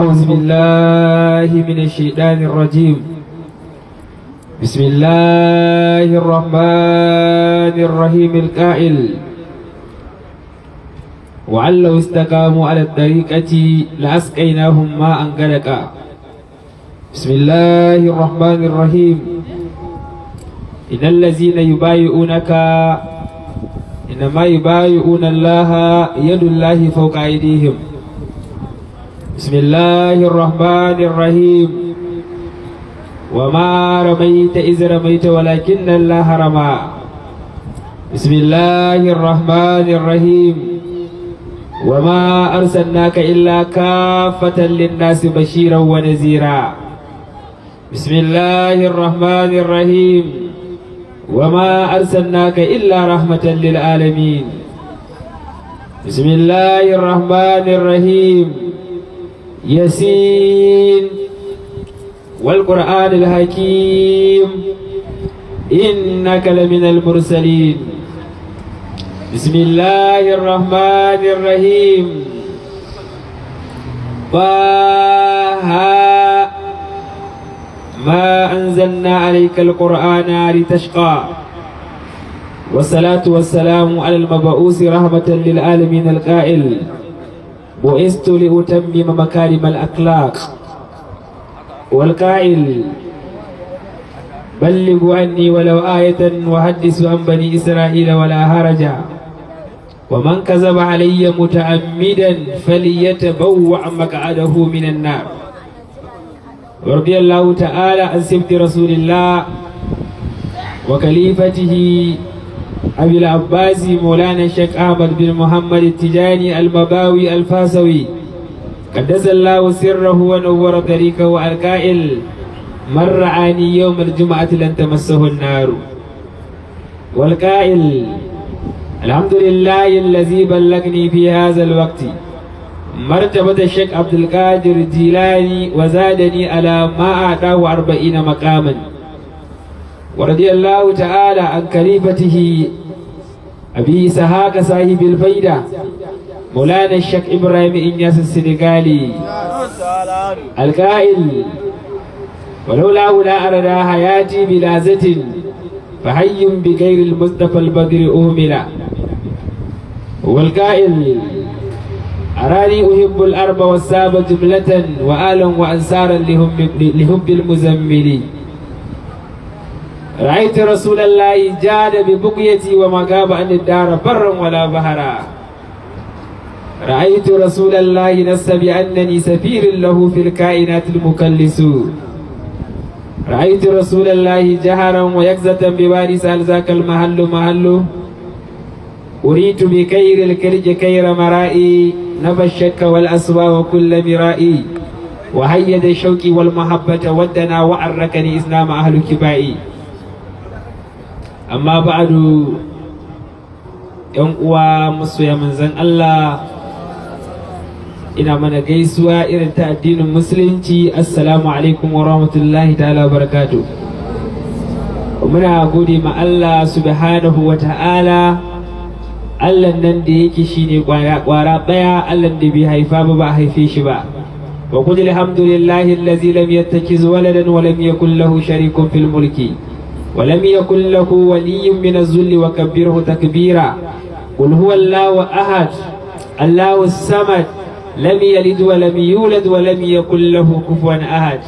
أعوذ بالله من الشيطان الرجيم بسم الله الرحمن الرحيم القائل وعلى لو استقاموا على الطريقة لأسقيناهم ماء غدقا بسم الله الرحمن الرحيم إن الذين يبايعونك إنما يبايعون الله يد الله فوق أيديهم بسم الله الرحمن الرحيم وما رميت إذ رميت ولكن الله رمى بسم الله الرحمن الرحيم وما أرسلناك إلا كافة للناس بشيرا ونذيرا بسم الله الرحمن الرحيم وما أرسلناك إلا رحمة للعالمين بسم الله الرحمن الرحيم ياسين والقرآن الحكيم إنك لمن المرسلين بسم الله الرحمن الرحيم طه ما أنزلنا عليك القرآن لتشقى والصلاة والسلام على المبعوث رحمة للعالمين القائل بعثت لأتمم مكارم الأخلاق والقائل بلغوا عني ولو آية وحدث عن بني إسرائيل ولا هرج ومن كذب علي متعمدا فليتبوع مقعده من النار ورضي الله تعالى عن سبت رسول الله وكليفته أبي العباس مولانا الشيخ أحمد بن محمد التجاني المباوي الفاسوي قدس الله سره ونور طريقه القائل من رعاني يوم الجمعة لن تمسه النار والقائل الحمد لله الذي بلغني في هذا الوقت مرتبة الشيخ عبد القادر الجيلاني وزادني على ما أعطاه أربعين مقاما ورضي الله تعالى عن كليفته أبي سهاك صاحب الفيدة مولانا الشيخ إبراهيم إنياس السنغالي القائل ولولا ولا أردا حياتي بلا زت فحي بغير المصطفى البدر أهملا والقائل أراني أحب الأرب والسابة جملة وآلا وأنصارا لهم لهم بالمزملين رأيت رسول الله جاد ببقيتي وما غاب عن الدار برا ولا بهرا رأيت رسول الله نس بأنني سفير له في الكائنات المكلس رأيت رسول الله جهرا ويكزة بواري سأل ذاك المحل محل أريت بكير الكرج كير مرائي نفى الشك والأسوى وكل مرائي وهيد الشوك والمحبة ودنا وعركني إسلام أهل كبائي amma ba'adu yan uwa ya manzan Allah ina mana gaisuwa irin ta addinin musulunci assalamu alaikum wa rahmatullahi ta'ala barakatu muna gode ma Allah subhanahu wa ta'ala Allah nan da yake shine kwara ɗaya Allah da bai haifa ba ba haife shi ba wa kulli alhamdulillahi allazi lam yattakiz waladan wa lam yakul lahu sharikun fil mulki ولم يكن له ولي من الذل وكبره تكبيرا قل هو الله أحد الله الصمد لم يلد ولم يولد ولم يكن له كفوا أحد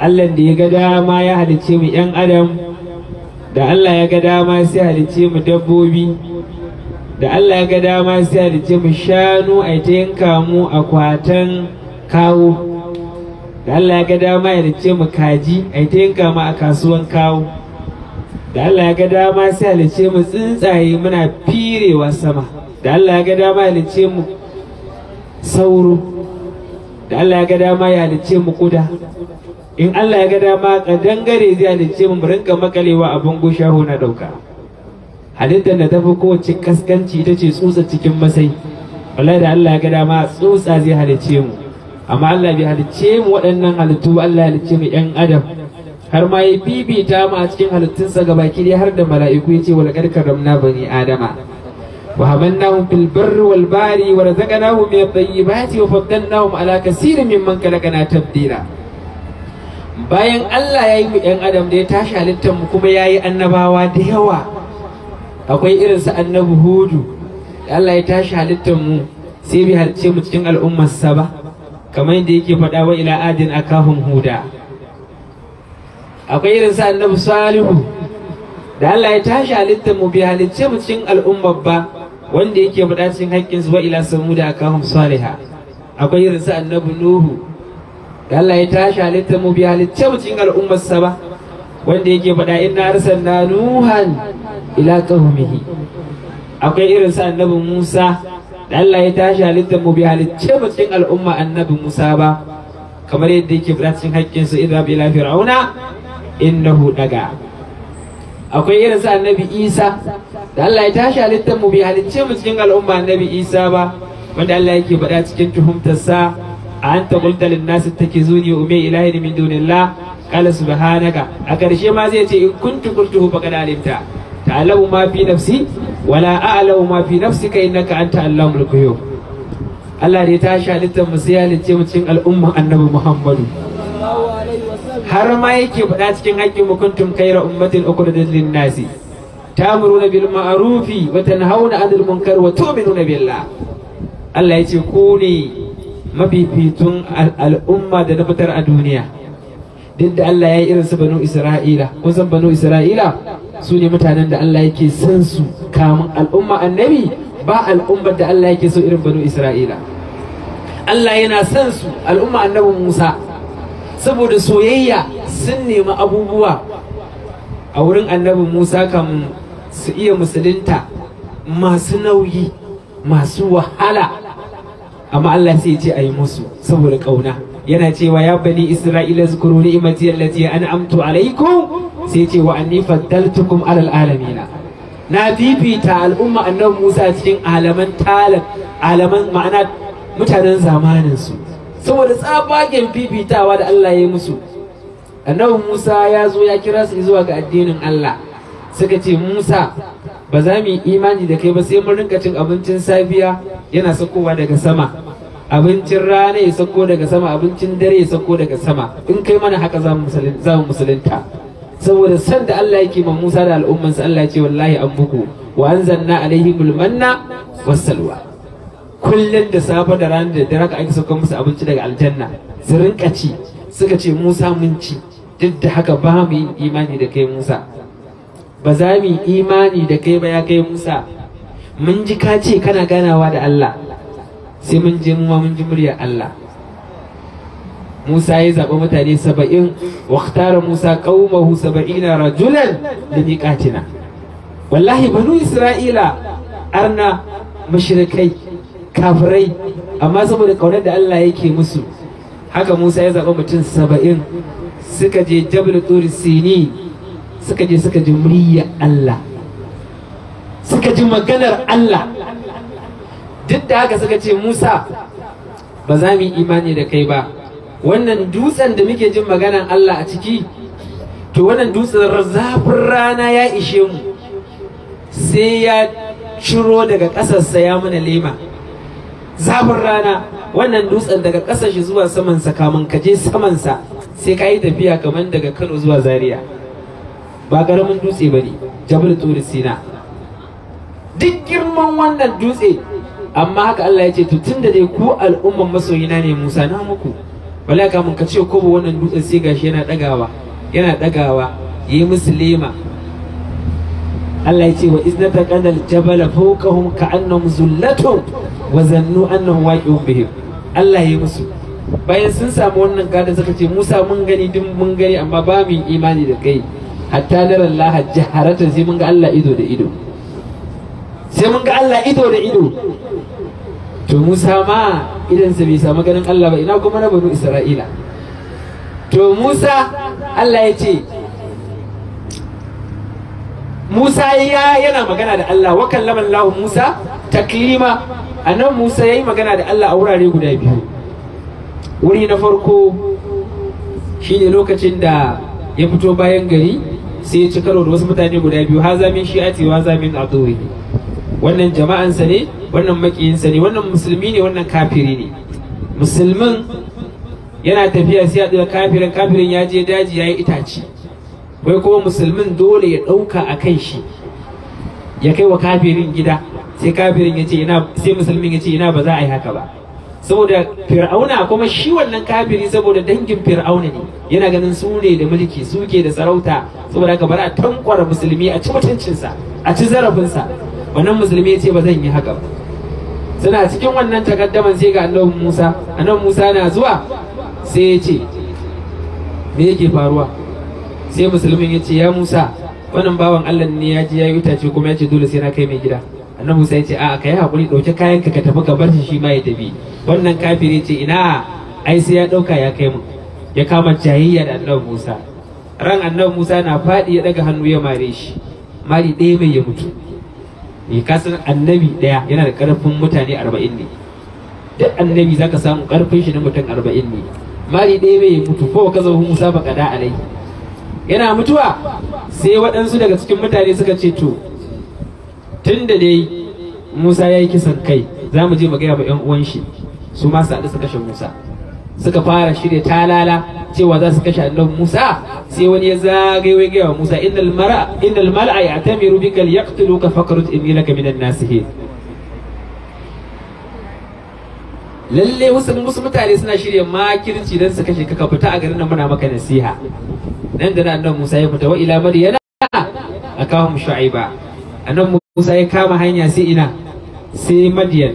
Allah da ya ga dama ya halicce mu 'yan adam da Allah ya ga dama sai halicce mu dabbobi da Allah ya ga dama sai halicce mu shanu a ta yanka mu akwatan kawo da Allah ya ga dama ya halicce mu kaji a ta yanka mu a kasuwan kawo da Allah ya ga dama sai halice mu tsuntsaye muna firewa sama da Allah ya ga dama halice mu sauro da Allah ya ga dama ya halice mu kuda in Allah ya ga dama dangare zai halice mu rinka makalewa abin shaho na dauka halittar da tafi kowace kaskanci ita ce tsutsa cikin masai wallahi da Allah ya ga dama tsutsa zai halice mu amma Allah bai halice mu waɗannan halittu Allah ya halice mu yan adam har ma ya bibita mu a cikin halittunsa ga baki dai har da mala'iku yace wal qad karamna bani adama wa hamalnahum fil barri wal bari wa razaqnahum min at-tayyibati wa faddalnahum ala kaseerin mimman khalaqna tabdila bayan Allah ya yi mu ɗan adam da ya tashi halittar mu kuma ya yi annabawa da yawa akwai irin su annabi hudu da Allah ya tashi halittar mu sai bai halce mu cikin al'ummar sa ba kamar yadda yake faɗa wa ila adin akahum huda akwai irin sa annabi salihu da Allah ya tashi halittar mu bi halicce mu cikin al'ummar ba wanda yake faɗa cikin haƙƙin su wa ila samuda akahum salihah akwai irin sa annabi nuhu da Allah ya tashi halittar mu bi halicce mu cikin al'ummar sa ba wanda yake faɗa inna arsalna nuhan ila qaumihi akwai irin sa annabi musa da Allah ya tashi halittar mu bi halicce mu cikin al'umma annabi musa ba kamar yadda yake faɗa cikin haƙƙin su idza bi fir'auna innahu daga akwai irin sa annabi isa da Allah ya tashi halittar mu bai halicce mu cikin al'umma annabi isa ba wanda Allah yake faɗa cikin tuhumtarsa a anta linnasi ta ke zuni ume ilahi min dunillah qala subhanaka a karshe ma zai ce in kuntu baka faqad alimta ta'lamu ma fi nafsi wala a'lamu ma fi ka innaka anta allamul ghuyub Allah da ya tashi halittar mu sai halicce mu cikin al'umma annabi Muhammadu har ma yake faɗa cikin haƙƙin mukuntum kaira ummatin ukhrijat lin nasi ta'muruna bil ma'rufi wa tanhauna 'anil munkar wa tu'minuna billah Allah ya ce ku ne mafifitun al'umma da na fitar a duniya duk da Allah ya yi irinsu banu Isra'ila kun san banu Isra'ila su ne mutanen da Allah yake san su kamun al'umma annabi ba al'ummar da Allah yake so irin banu Isra'ila Allah yana san su al'umma annabi Musa saboda soyayya sun nemi abubuwa a wurin annabi musa kan su iya musulunta masu nauyi masu wahala amma Allah sai ya ce a musu saboda ƙauna yana cewa ya bani isra'ila zukuru ni'imati allati an'amtu alaikum sai ce wa anni faddaltukum alal alamina na fifita al'umma annabi Musa cikin alaman talam alaman ma'ana mutanen zamanin su saboda tsabagen fifitawa da Allah ya yi musu annabi Musa ya zo ya kira su zuwa ga addinin Allah suka ce Musa ba za mu yi imani da kai ba sai mun rinka cin abincin safiya yana sakowa daga sama abincin rana ya sako daga sama abincin dare ya sako daga sama in kai mana haka za mu musulunta saboda san da Allah yake ma Musa da al'ummansa Allah ya ce wallahi an buku wa anzalna alaihimul manna was salwa kullum da safe da rana da dare ake sauka musu abinci daga aljanna su rinka ci suka ce Musa mun ci duk da haka ba mu yi imani da kai Musa ba za mu yi imani da kai ba ya kai Musa mun ji ka ce kana ganawa da Allah sai mun je mu mun ji muryar Allah Musa ya zaɓi mutane saba'in waktara Musa ƙaumahu saba'ina rajulan da miƙatina wallahi banu Isra'ila arna mashirikai kafirai amma saboda ƙaunar da Allah yake musu haka Musa ya zaɓa mutum saba'in suka je jabal Tur sini suka je suka ji muryar Allah suka ji maganar Allah duk da haka suka ce Musa ba za mu yi imani da kai ba wannan dutsen da muke jin maganar Allah a ciki to wannan dutsen zafin rana ya ishe mu sai ya ciro daga ƙasarsa ya mana lema zafin rana wannan dutsen daga ƙasar shi zuwa samansa kamun ka je samansa sai ka yi tafiya kamar daga kano zuwa zaria ba ƙaramin dutse ba ne jabal turi sina duk girman wannan dutse amma haka allah ya ce to tun da dai ku al'umman masoyina ne musa na muku wala kamun ka ce ko wannan dutsen sai gashi yana ɗagawa yana ɗagawa yi musu lema Allah ya ce wa izna taqanal jabala fawqahum ka'annahum zullatun wa zannu annahum waqi'un bihim Allah ya musu bayan sun samu wannan gada suka ce Musa mun gani din mun gani amma ba mu imani da kai hatta dara Allah jaharata sai mun ga Allah ido da ido sai mun ga Allah ido da ido to Musa ma idan sa bai samu ganin Allah ba ina kuma na banu Isra'ila to Musa Allah ya ce Musa ya yana magana da Allah wa laman lahu Musa taklima nan Musa ya yi magana da Allah a wurare guda biyu wuri na farko shi ne lokacin da ya fito bayan gari sai ya ci karo da wasu mutane guda biyu Ha haza a shi'ati wa zamin a aduwi wannan jama'ansa ne wannan makiyinsa ne wannan musulmi ne wannan kafiri ne musulmin yana tafiya sai ya kafirin kafirin ya je daji ya yi itaci wai kuma musulmin dole ya ɗauka a kan shi ya kai wa kafirin gida sai kafirin ya ce ina sai musulmin ya ce ina ba za a yi haka ba saboda fir'auna kuma shi wannan kafiri saboda dangin fir'auna ne yana ganin su ne da mulki su ke da sarauta saboda haka bara tankwara musulmi a ci mutuncinsa a ci zarafinsa wannan musulmi ya ce ba zan yi haka ba suna cikin wannan takaddaman sai ga annabi Musa annabi Musa na zuwa sai ya ce me yake faruwa sai musulmin ya ce ya musa wannan bawan allah ne ya ji ya yi itace kuma ya ce dole sai na kai mai gida annan musa ya ce a'a yi hakuri dauke kayan ka ka tafi ka bar shi shi ma ya tafi wannan kafiri ce ina ai sai ya dauka ya kai mu ya kama jayayya da annabi musa ran annabi musa na faɗi ya daga hannu ya mare shi mari ɗaya mai ya mutu ya kasan annabi ɗaya yana da ƙarfin mutane arba'in ne duk annabi zaka samu ƙarfin shi na mutum arba'in ne mari ɗaya mai ya mutu ko ka zama musa ka da alai yana mutuwa sai waɗansu daga cikin mutane suka ce to tun da dai musa ya yi kisan kai za mu je mu gaya wa 'yan uwan shi su ma su haɗu su kashe musa suka fara shirya talala cewa za su kashe annabi Musa sai wani ya zagaye gaya wa Musa innal mara innal ya tamiru bikal yaqtuluka fakrut imilaka minan nasihin lalle wasu musu mutane suna shirya makirci don su kashe kaka fita a garin nan muna maka nasiha nan da nan Musa ya fita wa ila madiyana akahum shu'aiba annan Musa ya kama hanya sai ina sai madiyan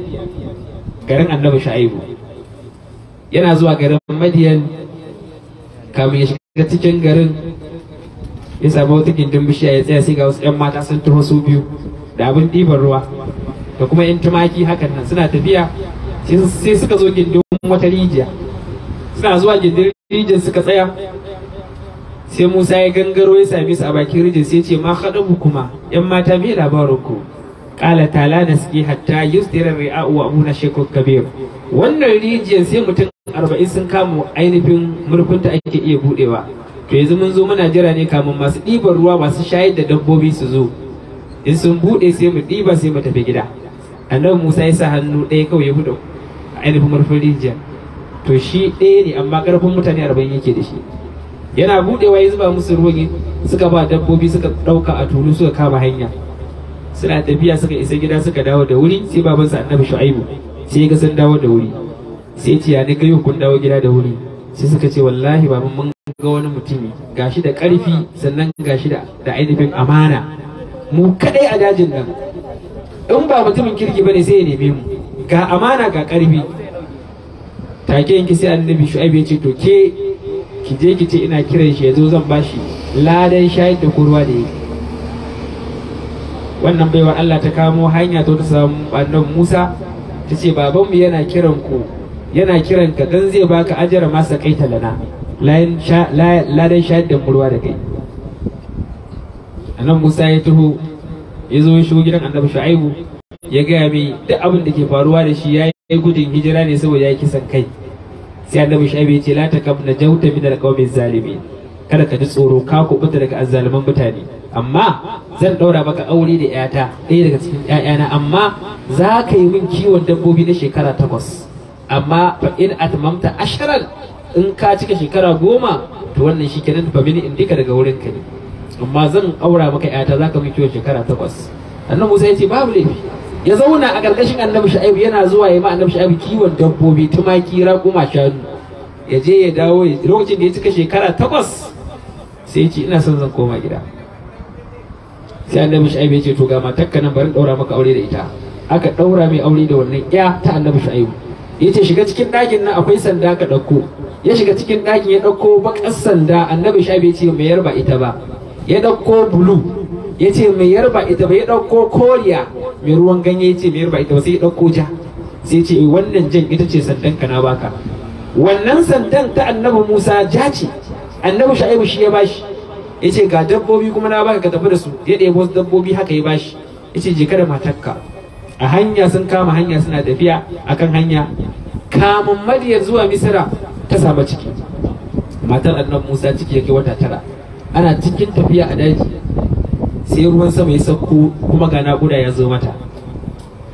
garin annabi shu'aibu yana zuwa garin madiyan kamin ya shiga cikin garin ya samu wata gindin bishiya ya tsaya sai ga wasu 'yan mata sun taho su biyu da abin ɗiban ruwa da kuma 'yan tumaki hakan nan suna tafiya sai suka zo gindin wata rijiya suna zuwa gindin rijiyar suka tsaya sai musa ya gangaro ya same su a bakin rijiyar sai ce ma haɗu kuma yan mata me labarin ku ƙala tala na suke hatta yusdira ri'a'u wa amuna shekul kabir wannan rijiyar sai mutum arba'in sun kama ainihin murfinta ake iya buɗewa to yanzu mun zo muna jira ne kamun masu ɗiban ruwa masu shayar da dabbobi su zo in sun buɗe sai mu ɗiba sai mu tafi gida annabi musa ya sa hannu ɗaya kawai ya buɗe ainihin murfin rijiya to shi ɗaya ne amma ƙarfin mutane arba'in yake da shi yana buɗewa ya zuba musu ruwa suka ba dabbobi suka ɗauka a tulu suka kama hanya suna tafiya suka isa gida suka dawo da wuri sai babansa annabi shu'aibu sai ga sun dawo da wuri sai ce ya ni kun dawo gida da wuri sai suka ce wallahi baban mun ga wani mutumi gashi da ƙarfi sannan gashi da da ainihin amana mu kadai a dajin nan in ba mutumin kirki bane sai ya neme mu ga amana ga ƙarfi take yanki sai annabi shu'aib ya ce to ke ki je ki ce ina kiran shi yazo zan bashi ladan shayar da kurwa da yake wannan baiwa Allah ta kamo hanya to ta samu annabi Musa ta ce babanmu yana kiran ku yana kiran ka dan zai baka ajara masa kai talana ladan shayar da kurwa da kai annabi Musa ya tuhu ya zo gidan annabi Shu'aibu ya gaya mai da abin da ke faruwa da shi ya yi gudun hijira ne saboda ya kisan kai sai annabi shaibu abin ce la kam na jauta min mai zalimi. kada ka ji tsoro ka kubuta daga azzaluman mutane amma zan daura maka aure da yata ɗaya daga cikin 'ya'yana. amma za ka yi min kiwon dabbobi na shekara takwas amma fa in atmamta asharan in ka cika shekara goma to wannan shi kenan fa mini indika daga wurin ka ne amma zan aura maka yata za ka min kiwon shekara takwas annabi Musa ya ce babu laifi ya zauna a ƙarƙashin annabi sha'ibu yana zuwa ya ma annabi sha'ibu kiwon dabbobi tumaki raƙuma shanu ya je ya dawo lokacin da ya cika shekara takwas sai ya ce ina son zan koma gida sai annabi sha'ibu ya ce to ga matakka nan bari ɗaura maka aure da ita aka ɗaura mai aure da wannan ya ta annabi sha'ibu ya ce shiga cikin ɗakin nan akwai sanda ka ɗauko ya shiga cikin ɗakin ya ɗauko baƙar sanda annabi sha'ibu ya ce mayar ba ita ba ya ɗauko bulu ya ce mai yarba ita bai ɗauko koriya mai ruwan ganye ya ce mai yarba ita ba sai ya ɗauko ja sai ce eh, wannan jan ita ce sandan ka na baka wannan sandan ta annabi musa ja ce annabi sha'ibu shi ya bashi ya ce ga dabbobi kuma na baka ka tafi da su ya ɗebo wasu dabbobi haka ya bashi ya ce jika da matarka a hanya sun kama hanya suna tafiya akan hanya kamun madiyar zuwa misira ta samu ciki matar annabi musa ciki yake wata tara ana cikin tafiya a daji sai ruwan sama ya sauko kuma ga naƙuda ya zo mata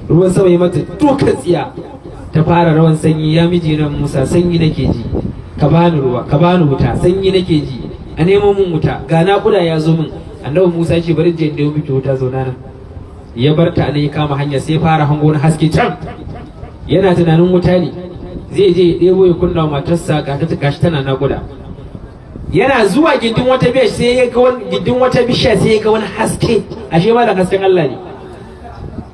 ruwan sama ya mata ka tsiya ta fara rawan sanyi ya miji nan musa sanyi nake ji ka bani ruwa ka bani wuta sanyi nake ji a nemo mun wuta ga naƙuda ya zo min annabi musa ce bari je da miki wuta zauna nan ya bar ta nan ya kama hanya sai fara hango na haske can yana tunanin wuta ne zai je ya ɗebo ya kunna matarsa ga ta gashi tana naƙuda yana zuwa gindin wata bishiya sai ya ga wani gindin wata bishiya sai ya ga wani haske ashe da hasken Allah ne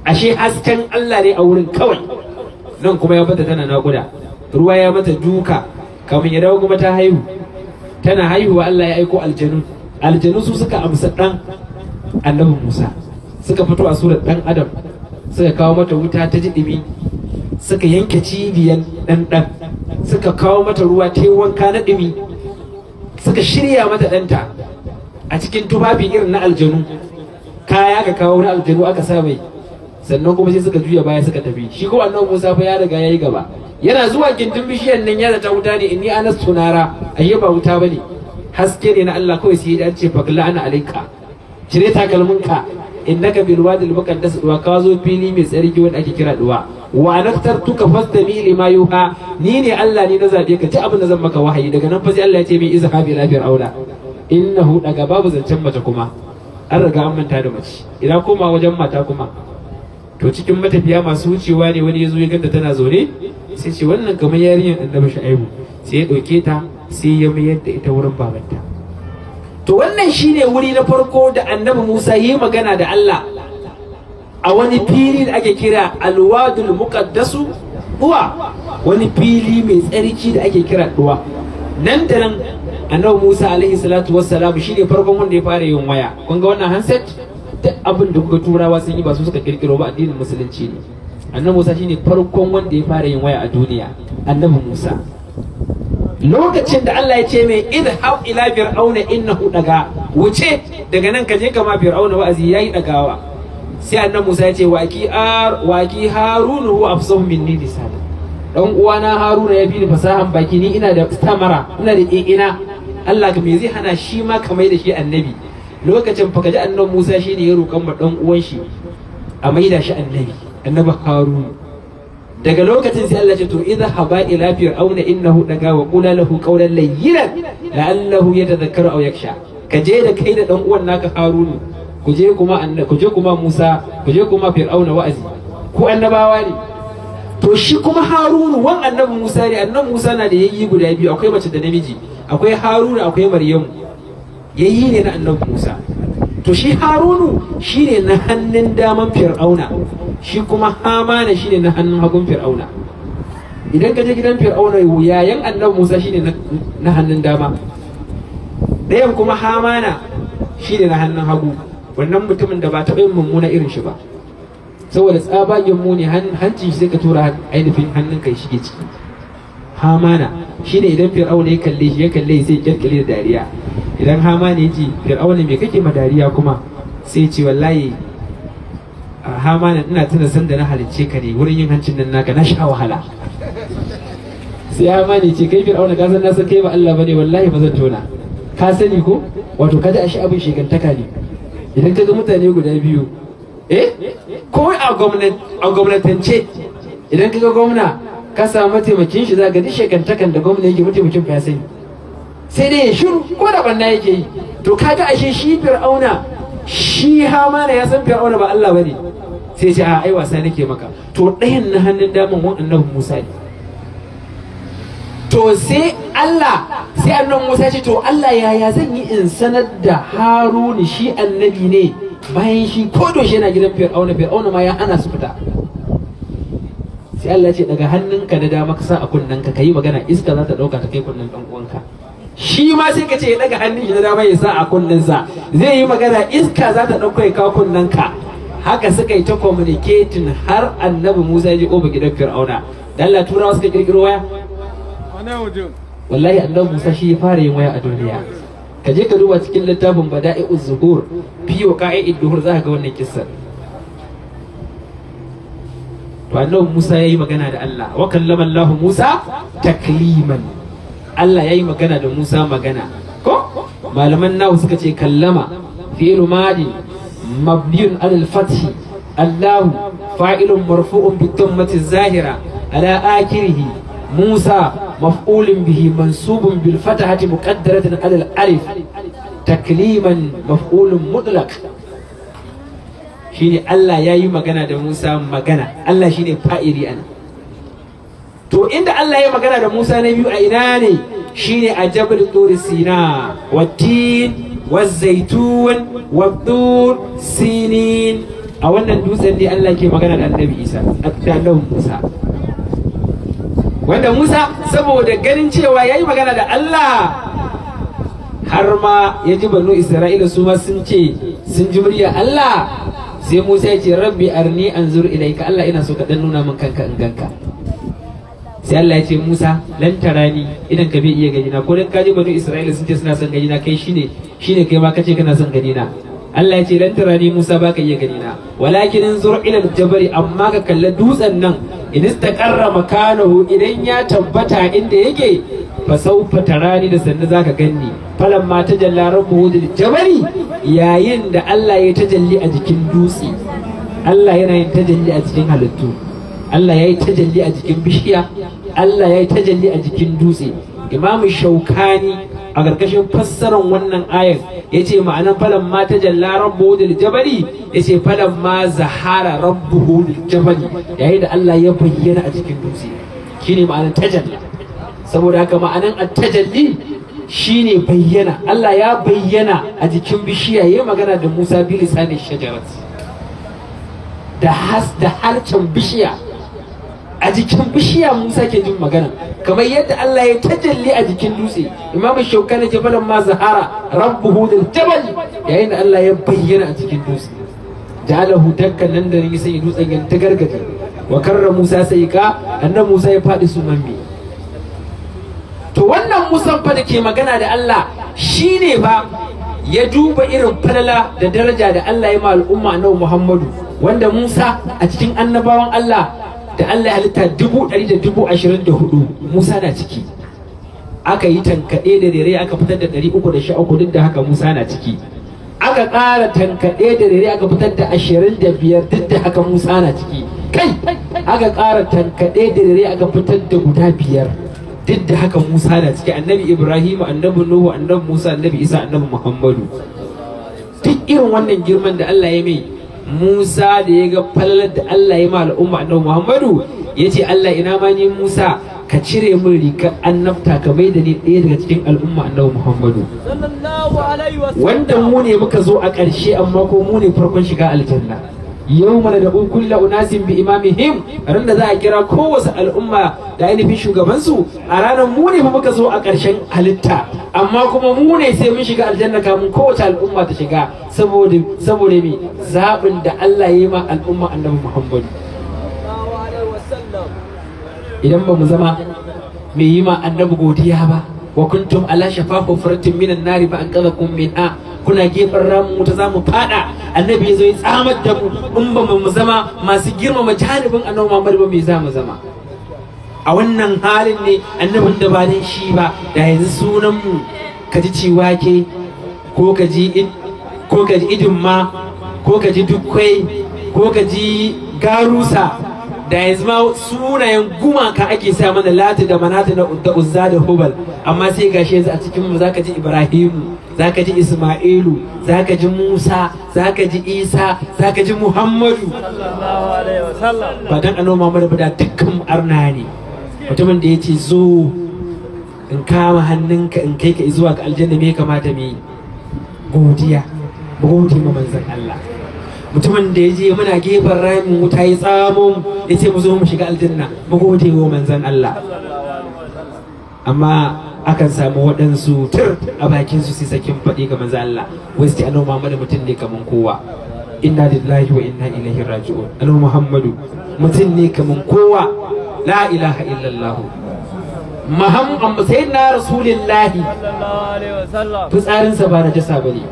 ashe hasken Allah ne a wurin kawai nan kuma ya bata tana nakuda ruwa ya mata duka kamun ya dawo kuma ta haihu tana haihuwa Allah ya aiko aljanu aljanu su suka amsa dan annabi Musa suka fito a surar dan Adam suka kawo mata wuta ta ji dimi suka yanke cibiyar dan dan suka kawo mata ruwa ta wanka na dimi suka shirya mata ɗanta a cikin tufafi irin na aljanu kaya ka kawo na aljanu aka sa mai sannan kuma sai suka juya baya suka tafi shi ko annabi Musa fa ya riga yayi gaba yana zuwa gindin bishiyar nan ya zata wuta ne inni anas tunara yau ba wuta bane haske ne na Allah kawai sai ya ce fakla ana alaika cire takalminka innaka bil wadi al muqaddas duwa kawa zo fili mai tsarki wanda ake kira duwa wa naktartuka fastabi lima yuha ni ne Allah ne na zabe ka ci abin da zan maka wahayi daga nan fa sai Allah ya ce mai izhabi lafiyar aula innahu daga babu zancen mace kuma an riga an manta da mace idan koma wajen mata kuma to cikin matafiya masu wucewa ne wani ya zo ya ganta tana zaune sai ce wannan kamar yarinyar annabi shu'aibu sai ya ɗauke ta sai ya mayar da ita wurin babanta to wannan shine wuri na farko da annabi Musa yi magana da Allah a wani fili da ake kira alwadul muqaddasu huwa wani fili mai tsarki da ake kira duwa nan da nan annabi Musa alaihi salatu wassalam shine farkon wanda ya fara yin waya kun ga wannan handset abin da kuka turawa sun yi ba su suka kirkiro ba addinin musulunci ne annabi Musa shine farkon wanda ya fara yin waya a duniya annabi Musa lokacin da Allah ya ce mai idhab ila fir'auna innahu daga wuce daga nan ka je kama fir'auna wa'azi yayi dagawa sai annabi Musa ya ce waki ar waki harun huwa afsahu minni dan uwana haruna ya fi ni fasahan baki ni ina da tamara ina da ina Allah ka me zai hana shi ma ka mai da shi annabi lokacin fa kaji annabi Musa shi ne ya roƙan ma dan uwan shi a mai da shi annabi annabi haruna daga lokacin sai Allah ce to idza haba ila fir'auna innahu daga wa qula lahu qawlan layyinan la'allahu yatadhakkaru aw yakhsha ka je da kai da dan uwan naka harunu kuje kuma ku je kuma Musa ku kuma fir'auna wa'azi ku annabawa ne to shi kuma harunu wan annabi musa ne annabi musa na da yayi guda biyu akwai mace da namiji akwai harunu akwai maryamu yayi ne na annabi musa to shi harunu shi ne na hannun daman fir'auna shi kuma hamana shi ne na hannun hagun fir'auna idan ka je gidan fir'auna yayan annabi musa shi ne na hannun dama ɗayan kuma hamana shi ne na hannun hagu wannan mutumin da ba taɓa yin mummuna irin shi ba saboda tsabagen muni hancin shi sai ka tura ainihin hannun kai shige ciki hamana shi ne idan fir'auna ya kalle shi ya kalle sai kyalkyale da dariya idan hamana ya ce fir'auna me kake ma dariya kuma sai ce wallahi hamana ina tuna sanda na halicce ka ne wurin yin hancin nan naka na sha wahala sai hamana ya ce kai fir'auna ka san na san kai ba Allah bane wallahi ba zan tona ka sani ko wato kaji shi abin shigantaka ne idan ka ga mutane guda biyu eh ko a gwamnatance idan kaga gwamna ka samu mataimakin shi za ga duk shekantakan da gwamna yake mataimakin fa ya sani sai dai ya shiru ko da banna yake yi to kaga ashe shi fir'auna shi hamana ya san fir'auna ba Allah bane sai sai, a ai wasa nake maka to ɗayan na hannun daman wa annabi Musa ne to sai Allah sai annabi Musa ce to Allah ya ya zan yi in sanar da Haruni shi annabi ne bayan shi ko doshe yana gidan fir'auna fir'auna ma ya ana su fita sai Allah ce daga hannunka na dama ka sa a kunnenka ka yi magana iska za ta dauka ta kai kunnen dan uwanka shi ma sai ka ce daga hannun shi na dama ya sa a kunnensa zai yi magana iska za ta dauka ya kawo kunnenka haka suka yi ta communicating har annabi Musa ya je oba gidan fir'auna dan Allah turawa suka kirkiro waya wallahi annabi Musa shi ya fara yin waya a duniya ka je ka duba cikin littafin bada'i'uz zuhur biyo ka'a'id duhur za ka ga wannan kissa to annabi Musa yayi magana da Allah wa kallama Allah Musa takliman Allah yayi magana da Musa magana ko malaman nawa suka ce kallama fi'lu madi mabniun alal fath Allah fa'ilun marfu'un bi dhammati zahira ala akhirih Musa مفعول به منصوب بالفتحة مقدرة على الألف تكليما مفعول مطلق shine Allah ya yi magana da Musa magana Allah shine fa'iri ana to inda Allah ya magana da Musa na biyu a ina ne shine a jabal tur sina wattin wazaitun wabdur sinin a wannan dutsen ne Allah ke magana da Annabi Isa da Musa wanda Musa saboda ganin cewa ya yi magana da Allah har ma ya ji banu Isra'ila su ma sun ce sun ji murya Allah sai Musa ya ce rabbi arni anzur ilaika Allah ina so ka dan nuna min kanka in ganka sai Allah ya ce Musa lan tarani idan ka bai iya gani na ko dan ka ji banu Isra'ila sun ce suna son gani na kai shine shine kai ma kace kana son gani na Allah ya ce lan tarani Musa baka ka iya gani na walakin zur ila jabari amma ka kalla dutsen nan in istaqarra makanahu idan ya tabbata inda yake fa rani tarani da sannu zaka ganni falan ma tajalla rabbuhu lil jabari yayin da Allah ya tajalli a jikin dutse Allah yana yin tajalli a jikin halittu Allah ya yi tajalli a jikin bishiya Allah ya yi tajalli a jikin dutse Imam Shaukani a ƙarƙashin fassaran wannan ayan ya ce ma'anan falan ma ta jalla rabbu lil jabali ya ce falan ma zahara rabbu lil jabali yayin da Allah ya bayyana a cikin dutse shine ma'anan tajalla saboda haka ma'anan at-tajalli shine bayyana Allah ya bayyana a jikin bishiya yayin magana da Musa bi lisanin shajarat da has da harcen bishiya a jikin bishiya Musa ke jin magana kamar yadda Allah ya tajalli a jikin dutse Imam Shaukani ke faɗin ma zahara rabbuhu dal jabal yayin da Allah ya bayyana a jikin dutse Jalahu dakkan nan da yi sai dutsen ya tagargaje wa karra Musa sai ka annan Musa ya faɗi su mamme to wannan Musa fa da ke magana da Allah shine ba ya duba irin falala da daraja da Allah ya ma al'umma annabi Muhammadu wanda Musa a cikin annabawan Allah da Allah ya halitta dubu ɗari da dubu ashirin da hudu Musa na ciki aka yi tankaɗe da dare aka fitar da ɗari uku da sha uku duk da haka Musa na ciki aka ƙara tankaɗe da dare aka fitar da ashirin da biyar duk da haka Musa na ciki kai aka ƙara tankaɗe da dare aka fitar da guda biyar duk da haka Musa na ciki annabi Ibrahim annabi Nuhu annabi Musa annabi Isa annabi Muhammadu duk irin wannan girman da Allah ya mai Musa da ya ga falalar da Allah ya ma al'umma annabi Muhammadu ya ce Allah ina ma ni Musa ka cire min rigar annabta ka mai da ni ɗaya daga cikin al'umma annabi Muhammadu wanda mu ne muka zo a ƙarshe amma ko mu ne farkon shiga aljanna yau mana da kulla unasin bi imamihim ran da za a kira kowace al'umma da ainihin shugabansu a ranar mu ne muka zo a ƙarshen halitta amma kuma mu ne sai mun shiga aljanna kamun kowace al'umma ta shiga saboda saboda me zaɓin da Allah ya yi ma al'umma annabi Muhammadu idan ba mu zama mai yi ma annabi godiya ba wa kuntum ala shafafa furatin minan nari ba an kaza kun min a kuna gefen ramin ta za mu fada annabi ya zo ya tsamar da mu in ba mu zama masu girmama majalibin annabi Muhammad ba me za mu zama a wannan halin ne annabin da ba dan shi ba da yanzu sunan mu kaji ji ciwake ko ka ji ko kaji idin ma ko ka ji dukkai ko ka garusa da ya zama sunayen gumaka ake sa mana lati da manata da uzza da hubal amma sai gashi yanzu a cikin mu zaka ji ibrahimu zaka ji isma'ilu zaka ji musa zaka ji isa zaka ji muhammadu ba dan annabi muhammad ba da dukkan arna ne mutumin da yace zo in kama hannunka in kai ka zuwa ga aljanna me kamata me godiya godiya ma manzon Allah mutumin da ya je muna gefen ramin wuta ya tsamo ya ce mu zo mu shiga aljanna mu gode wa manzon Allah amma akan samu waɗansu tur a bakin su sai sakin faɗi ga manzon Allah wai sai annabi Muhammad mutum ne kaman kowa inna lillahi wa inna ilaihi raji'un annabi Muhammadu mutum ne kaman kowa la ilaha illallah Muhammad sayyidina rasulillahi sa ba na jasa bane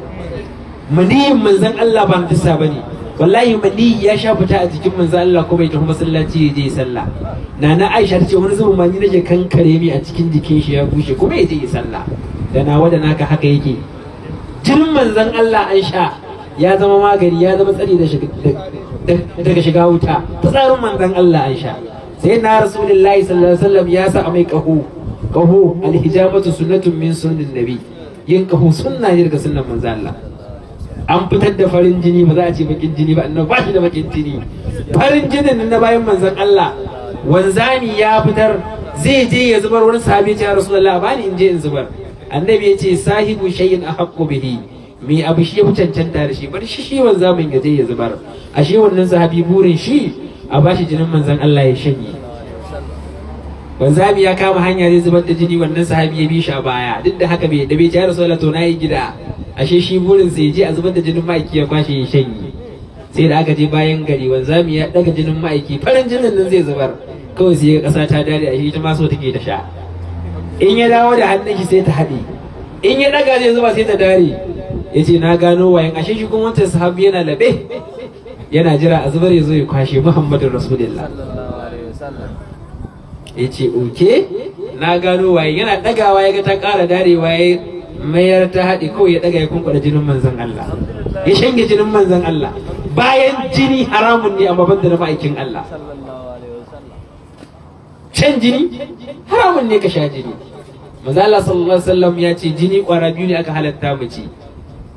mani manzon Allah ba na jasa bane wallahi mani ya sha fita a jikin manzo Allah ko bai tafi masallaci ya je sallah nana Aisha ta ce wani zubin ma ni nake kankare mi a cikin jikin shi ya bushe kuma ya je ya sallah da nawa da naka haka yake tun manzon Allah sha ya zama magani ya zama tsari daga shiga wuta Ta tsarin manzon Allah sha sai na rasulullahi sallallahu alaihi ya sa mai kaho kaho alhijabatu sunnatun min sunnin nabi yin kaho sunna ne daga sunan manzon Allah an fitar da farin jini ba za a ce bakin jini ba annabi ba shi da bakin jini farin jinin na bayan manzon Allah wanzami ya fitar zai je ya zubar wani sahabi ya rasulullah ba ni in je in zubar annabi ya ce sahibu shay'in ahaqqu bihi mai abu shi ya cancanta da shi bar shi shi wanzamin ya je ya zubar ashe wannan sahabi burin shi a bashi jinin manzon Allah ya shanye wanzami ya kama hanya zai zubar da jini wannan sahabi ya bi shi a baya duk da haka bai da bai ya rasulullah to nayi gida ashe shi burin sai je a zubar da jinin ma'aiki ya kwashe ya shanye sai da aka je bayan gari wanzami ya daga jinin ma'aiki farin jinin nan zai zubar kawai sai ya kasa ta dare ashe ita ma so take ta sha in ya dawo da hannun shi sai ta haɗe in ya daga zai zuba sai ta dare ya ce na gano wayan ashe shi kuma wancan sahabi yana labe yana jira a zubar ya zo ya kwashe muhammadu rasulullah ya ce oke na gano waye yana dagawa ya ga ta kara darewa ya mayar ta haɗe kawai ya ɗaga ya kunkuɗa jinin manzan Allah ya shanye jinin manzan Allah bayan jini haramun ne amma banda na ma'aikin Allah can jini haramun ne ka sha jini manzo Allah sallallahu alaihi wasallam ya ce jini ƙwara biyu ne aka halatta mu ci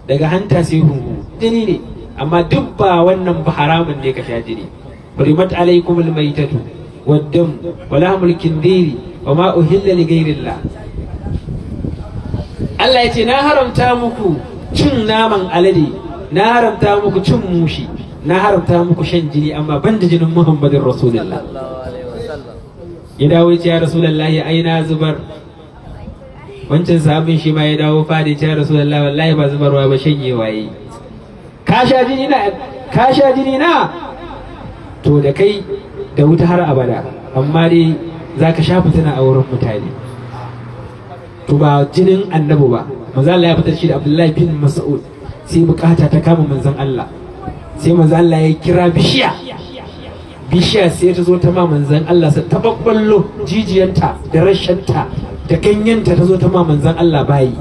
daga hanta sai hunhu jini ne amma duk ba wannan ba haramun ne ka sha jini hurimat alaikumul maitatu والدم ولحم الكندير وما أهل لغير الله Allah ya ce na haramta muku cin naman alade na haramta muku cin mushi na haramta muku shan jini amma ban da jinin Muhammadin Rasulullah ya dawo ya ce ya Rasulullah ya aina zubar wancan sahabin shi ma ya dawo fadi ya Rasulullah wallahi ba zubarwa ba shanye waye ka sha jini na ka sha jini na to da kai da wuta har abada amma dai za ka sha fitina a wurin mutane to ba jinin annabi ba manzo Allah ya fitar shi da Abdullahi bin Mas'ud sai bukata ta kama manzon Allah sai manzo Allah ya kira bishiya bishiya sai ta zo ta ma manzon Allah sai ta babballo jijiyanta da rashanta da ganyenta ta zo ta ma manzon Allah bayi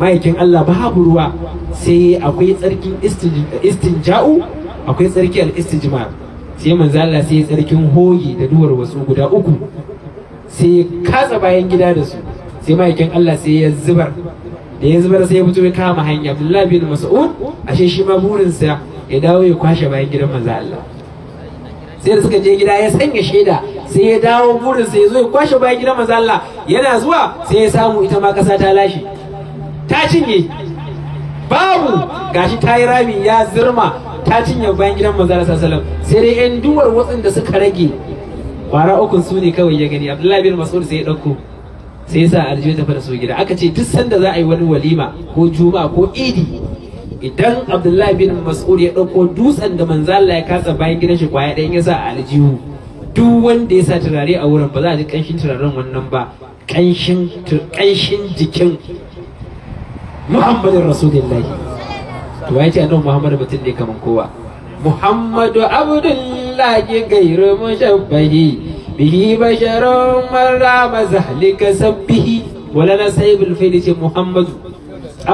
ma'aikin Allah babu ruwa sai akwai tsarkin istinja'u akwai tsarki al-istijmar sai manzo Allah sai tsarkin hoge da duwar wasu guda uku sai ya katsa bayan gida da su sai ma'aikin Allah sai ya zubar da ya zubar sai ya fito ya kama hanya Abdullah bin Mas'ud ashe shi ma burinsa ya dawo ya kwashe bayan gidan manzo Allah sai da suka je gida ya sanya shaida sai ya dawo burinsa ya zo ya kwashe bayan gidan manzo Allah yana zuwa sai ya samu ita ma kasa ta lashe ta cinye babu gashi ta yi rami ya zirma ta cinye bayan gidan manzara sallallahu sai dai yan duwar da suka rage kwara ukun su ne kawai ya gani abdullahi bin mas'ud sai ya dauko sai ya sa arjiya ta fara su gida aka ce duk sanda za a yi wani walima ko juma ko idi idan abdullahi bin mas'ud ya dauko dutsen da manzala ya kasa bayan gidan shi kwaya ɗayan ya sa aljihu duk wanda ya sa turare a wurin ba za a ji ƙanshin turaren wannan ba ƙanshin jikin muhammadin rasulullahi to ya ce annabi muhammadu mutum ne kaman kowa muhammadu abdullahi gairu mushabbahi bihi basharun marra mazahlika sabbihi wala na sahibul fili ce muhammadu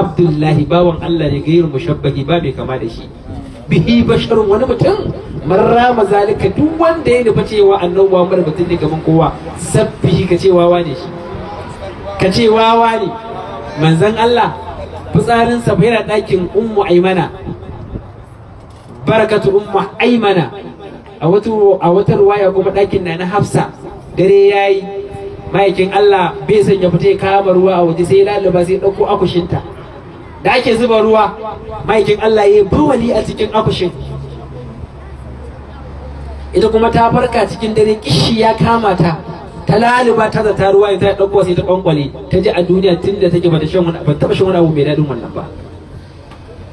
abdullahi bawan allah ne gairu mushabbahi ba mai kama da shi bihi basharun wani mutum marra mazalika duk wanda ya nufa cewa annabi muhammadu mutum ne kaman kowa sabbihi ka ce wawa ne shi ka ce wawa ne manzan allah fitsarinsa fa yana ɗakin ummu aimana barakatu ummu aimana a wata ruwaya kuma ɗakin na na hafsa dare ya yi ma'aikin allah bai san ya fita ya kama ruwa a waje sai ya lalaba sai ɗauko akushinta da ake zuba ruwa ma'aikin allah ya yi bawali a cikin akushin ita kuma ta farka cikin dare kishi ya kama ta ta za ta zata ruwa ya dauko sai ta kwankwale ta ji a duniya tunda take bata shan wani ba taba shan wani abu mai dadin wannan ba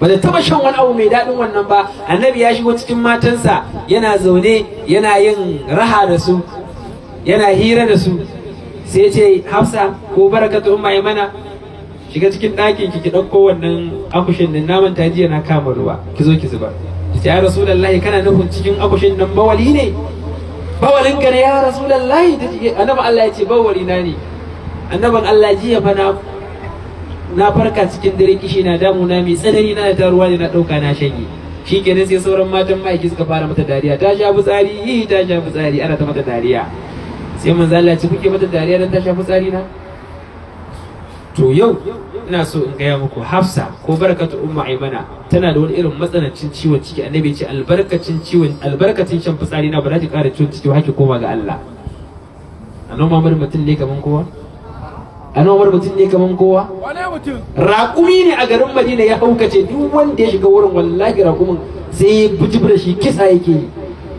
ba taba shan wani abu mai dadin wannan ba annabi ya shigo cikin matansa yana zaune yana yin raha da su yana hira da su sai ce hafsa ko barakatu umma mana shiga cikin ɗakin ki ki ɗauko wannan akushin din naman ta jiya na kama ruwa ki zo ki zuba ta ce ya rasulullahi kana nufin cikin akushin nan bawali ne bawalin ka ne ya a annabi Allah ya ce bawali na ne annaban Allah jiya fa na farka cikin dare kishi na damu na mai tsanani na ta ruwa ne na dauka na shanye shi kenan sai sauran matan ma'aiki suka fara mata dariya ta sha fitsari ta sha fitsari ana ta mata dariya sai manzo Allah ce kuke mata dariya dan ta sha fitsari na to yau ina so in gaya muku hafsa ko barkatu umma aimana tana da wani irin matsanancin ciwon ciki annabi ce albarkacin ciwon albarkacin shan fitsari na ba za ki ƙara ciwon ciki haki koma ga Allah annabi Muhammad mutum ne kaman kowa mutum ne kaman kowa raƙumi ne a garin Madina ya haukace duk wanda ya shiga wurin wallahi raƙumin sai ya da shi kisa yake yi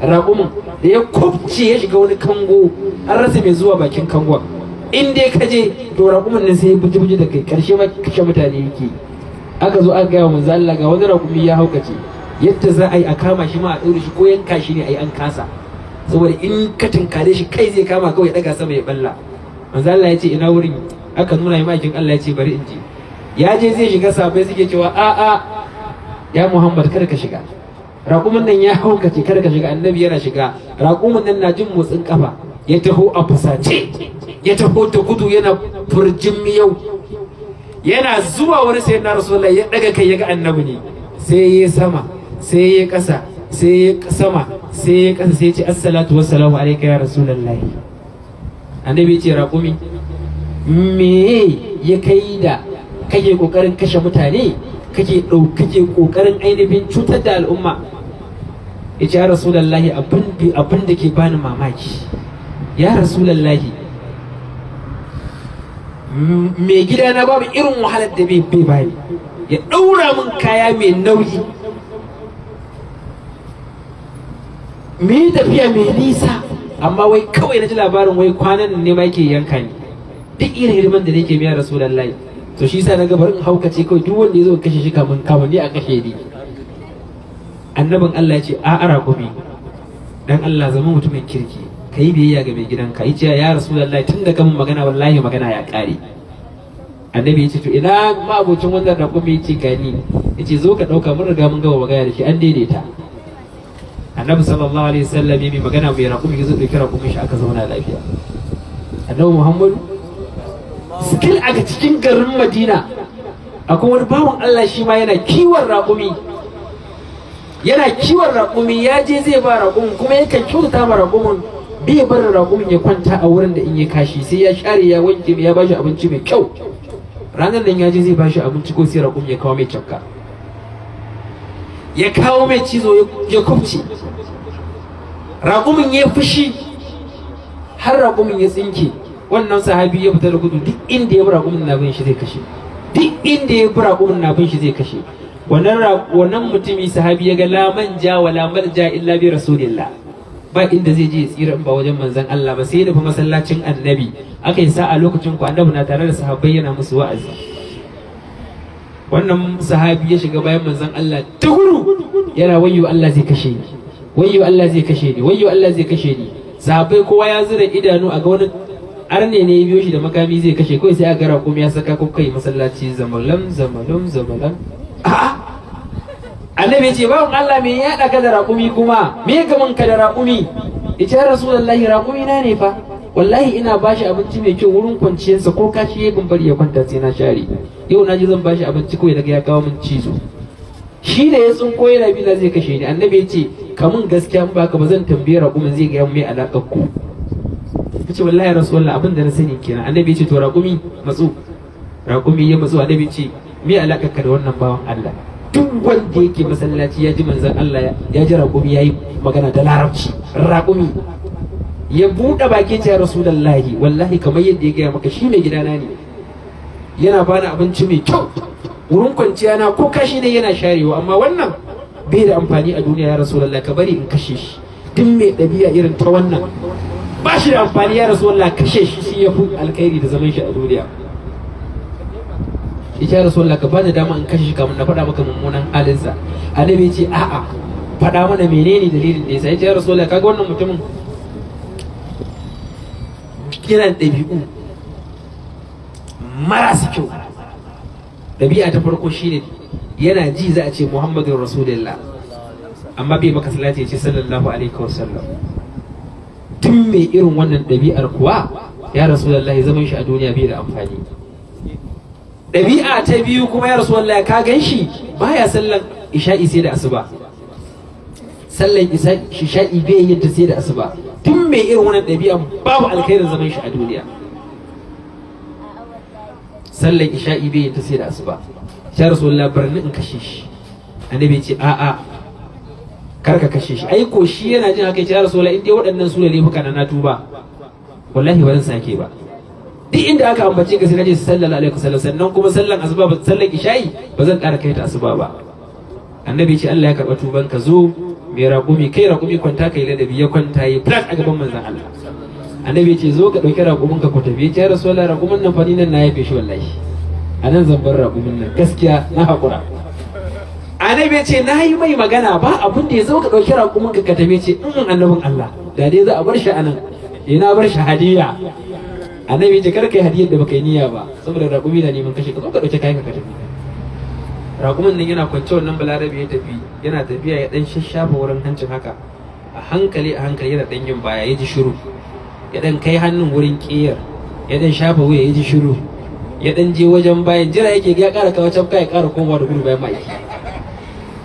raƙumin da ya kubce ya shiga wani kango an rasa mai zuwa bakin kangon in dai ka je to raƙumin nan sai buji buji da kai karshe ma kashe mutane yake aka zo aka gaya wa manzo Allah ga wani raƙumi ya haukace yadda za a yi a kama shi ma a ɗaure shi ko yanka shi ne a yi an kasa saboda in ka tunkare shi kai zai kama kawai daga sama ya balla manzo Allah ya ce ina wurin aka nuna mai makin Allah ya ce bari in je ya je zai shiga sabai suke cewa a a ya Muhammad kar ka shiga raƙumin nan ya haukace kar ka shiga annabi yana shiga raƙumin nan na jin motsin kafa ya taho a fusace ya taho ta gudu yana furjin miyau yana zuwa wani sai na rasulullahi ya daga kai ya ga annabi ne sai ya sama sai ya kasa sai ya sama sai ya kasa sai ya ce assalatu wassalamu alaika ya rasulullahi annabi ya ce raƙumi me ya kai da kake kokarin kashe mutane kake kake kokarin ainihin cutar da al'umma ya ce ya rasulullahi abin da ke bani mamaki ya rasulallahi mai gida na babu irin wahalar da bai bani ya ɗaura min kaya mai nauyi mai yi tafiya mai nisa amma wai kawai na ji labarin wai kwanan ne ma yake yanka ni duk irin hirman da nake biya rasulallahi to shi sa na ga barin haukace kawai duk wanda ya zo kashe shi kamun kamun ne a kashe ni annabin Allah ya ce a ara gobe dan Allah zama mutumin kirki ka yi biyayya ga mai gidan ya yace ya rasulullahi tun da gama magana wallahi magana ya ƙare annabi ya ce to ina ba abocin wannan da kuma ya ce gani ya ce zo ka ɗauka mun riga mun gama magana da shi an daidaita annabi sallallahu alaihi wasallam ya bi magana mai raƙumi ya zo ɗauki kuma shi aka zauna lafiya annabi muhammadu skill a cikin garin madina akwai wani bawan allah shi ma yana kiwon raƙumi yana kiwon raƙumi ya je zai ba raƙumin kuma yakan kyautata ma raƙumin ya bar raƙumin ya kwanta a wurin da in ya kashi sai ya share ya wanke ya bashi abinci mai kyau ranar da ya ji zai bashi abinci ko sai raƙumin ya kawo mai cakka ya kawo mai cizo ya kubce raƙumin ya fushi har raƙumin ya tsinke wannan sahabi ya fita da gudu duk inda ya bi raƙumin na bin shi zai kashe duk inda ya bi raƙumin na bin shi zai kashe wannan mutumi sahabi ya ga laman ja wa lamar ja illa bi rasulillah ba inda zai je ya tsira ba wajen manzon Allah ba sai ya nufi masallacin annabi aka yi sa'a lokacin ku annabi na tare da sahabbai yana musu wa'azi wannan sahabi ya shiga bayan manzon Allah tukuru yana wayyo Allah zai kashe ni wayyo Allah zai kashe ni wayyo Allah zai kashe ni sahabbai kowa ya zura idanu a ga wani arne ne ya biyo shi da makami zai kashe kawai sai a gara kuma ya saka kuka yi masallaci zamalam zamalam zamalam a'a annabi ya ce bawan Allah me ya haɗa ka da raƙumi kuma me ga mun ka da raƙumi ya rasulullahi raƙumi na ne fa wallahi ina bashi abinci mai kyau wurin kwanciyarsa ko kashi ya bari ya kwanta sai na share yau na ji zan bashi abinci kawai daga ya kawo min cizo shi da ya tsinko yana bila zai kashe ni annabi ya ce kamun gaskiya ba ka ba zan tambaye raƙumin zai gaya mai alaƙar ku ya ce wallahi rasulullahi abin da na sani kenan annabi ya ce to raƙumi matsu raƙumi ya matsu annabi ya ce me alaƙar ka da wannan bawan Allah duk wanda yake masallaci ya ji manzon Allah ya ji raƙumi ya yi magana da larabci raƙumi ya buɗe bakin ya lallahi wallahi kamar yadda ya gaya maka shi mai gidana ne yana bani abinci mai kyau wurin kwanciya na ko kashi ne yana sharewa amma wannan bai da amfani a duniya ya rasulallahi ka bari in kashe shi duk mai ɗabi'a irin ta wannan ba da amfani ya rasulallahi kashe shi shi ya alkhairi da zaman shi a duniya ya rasulullah ka bani dama in kashe shi kamun na faɗa maka mummunan halinsa annabi ce a'a faɗa mana menene dalilin da yasa ce ya rasulullah kaga wannan mutumin kiran ɗabi'u marasa kyau ɗabi'a ta farko shine yana ji za a ce muhammadin rasulullah amma bai maka salati ya ce sallallahu alaihi wasallam tun mai irin wannan ɗabi'ar kuwa ya rasulullah zaman shi a duniya bai da amfani ɗabi'a ta biyu kuma ya rasu wallahi ka gan shi Ba ya sallan isha'i sai da asuba sallan isha'i bai yadda sai da asuba tun mai irin wannan ɗabi'a babu alkhairin zaman shi a duniya sallan isha'i bai yadda sai da asuba ya rasu wallahi barni in kashe shi annabi ce a'a kar ka kashe shi ai ko shi yana jin haka ya rasu wallahi in dai waɗannan su ne laifuka na na tuba wallahi ba zan sake ba duk inda aka ambace ka sai naje sallallahu alaihi wasallam sannan kuma sallan asuba ba sallan isha'i ba zan ƙara kai ta asuba ba annabi ce Allah ya karɓa tuban ka zo mai raƙumi kai raƙumi kwanta kai ladabi ya kwanta yi plus a gaban manzon Allah annabi ce zo ka dauki raƙumin ka ku tafi ya rasulullahi raƙumin nan fa ni nan na yafe shi wallahi a nan zan bar raƙumin nan gaskiya na haƙura annabi ce na yi mai magana ba abin da ya zo ka dauki raƙumin ka ka tafi ce in mm, annabin Allah da dai za a bar shi anan ina bar shi hadiya annabi ya ce kada kai hadiyar da baka yi niyya ba saboda rakumi na neman kashe ka zo ka ɗauki kayan ka tafi raƙumin nan yana kwance wannan balarabe ya tafi yana tafiya ya ɗan shashafa wurin hancin haka a hankali a hankali yana ɗan yin baya ya ji shiru ya ɗan kai hannun wurin ƙiyar ya ɗan shafa wuya ya ji shiru ya ɗan je wajen bayan jira yake ya ƙara kawo cafka ya ƙara komawa da gudu bayan ma'aiki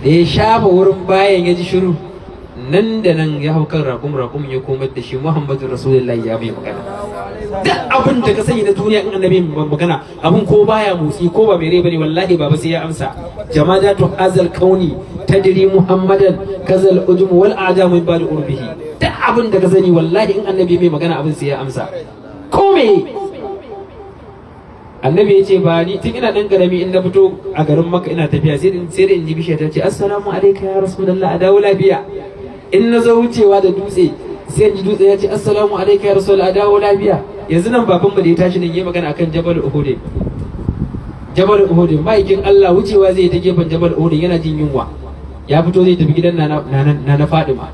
da ya shafa wurin bayan ya ji shiru nan da nan ya hau kan rakum rakum ya komar da shi muhammadu rasulullahi ya mai magana duk abin da ka sani na duniya in annabi magana abin ko baya motsi ko ba mere bane wallahi baba sai ya amsa jamadatu azal kauni tadri muhammadan kazal ujum wal ajamu ba'da urbihi duk abin da ka sani wallahi in annabi mai magana abin sai ya amsa ko me annabi ya ce ba ni tun ina dan garami in na fito a garin maka ina tafiya sai da in ji bishiya ta ce assalamu alaikum ya rasulullahi a dawo lafiya in na zo wucewa da dutse sai ji dutse ya ce assalamu alaikum ya rasul a dawo lafiya yanzu nan baban mu da ya tashi nan yayi magana akan jabal uhud jabal uhud ma'aikin Allah wucewa zai ta gefen jabal uhud yana jin yunwa ya fito zai tafi gidan na na Fadima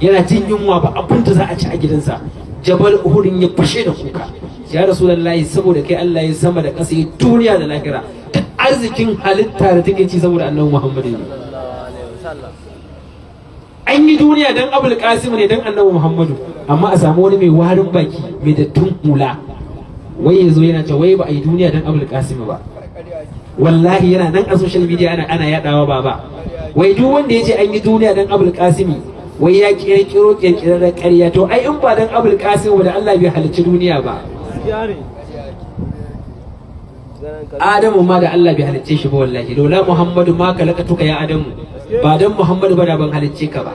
yana jin yunwa ba abin da za a ci a gidansa jabal uhud ya fashe da kuka ya rasulullahi saboda kai Allah ya sama da kasa ƙasa duniya da lahira duk arzikin halitta da take ci saboda annabi Muhammadu. sallallahu alaihi wasallam an yi duniya don abul kasim ne don annabi muhammadu amma a samu wani mai warin baki mai dattun hula wai zo yana ta wai ba a yi duniya don abul kasim ba wallahi yana nan a social media ana ana yadawa baba wai duk wanda yace an yi duniya don abul qasimi wai ya kirkiro kirkirar ƙarya to ai in ba don abul ba da Allah bai halicci duniya ba Adamu ma da Allah bai halicce shi ba wallahi lola Muhammadu ma kalakatuka ya Adamu ba don Muhammadu ba da ban halicce ka ba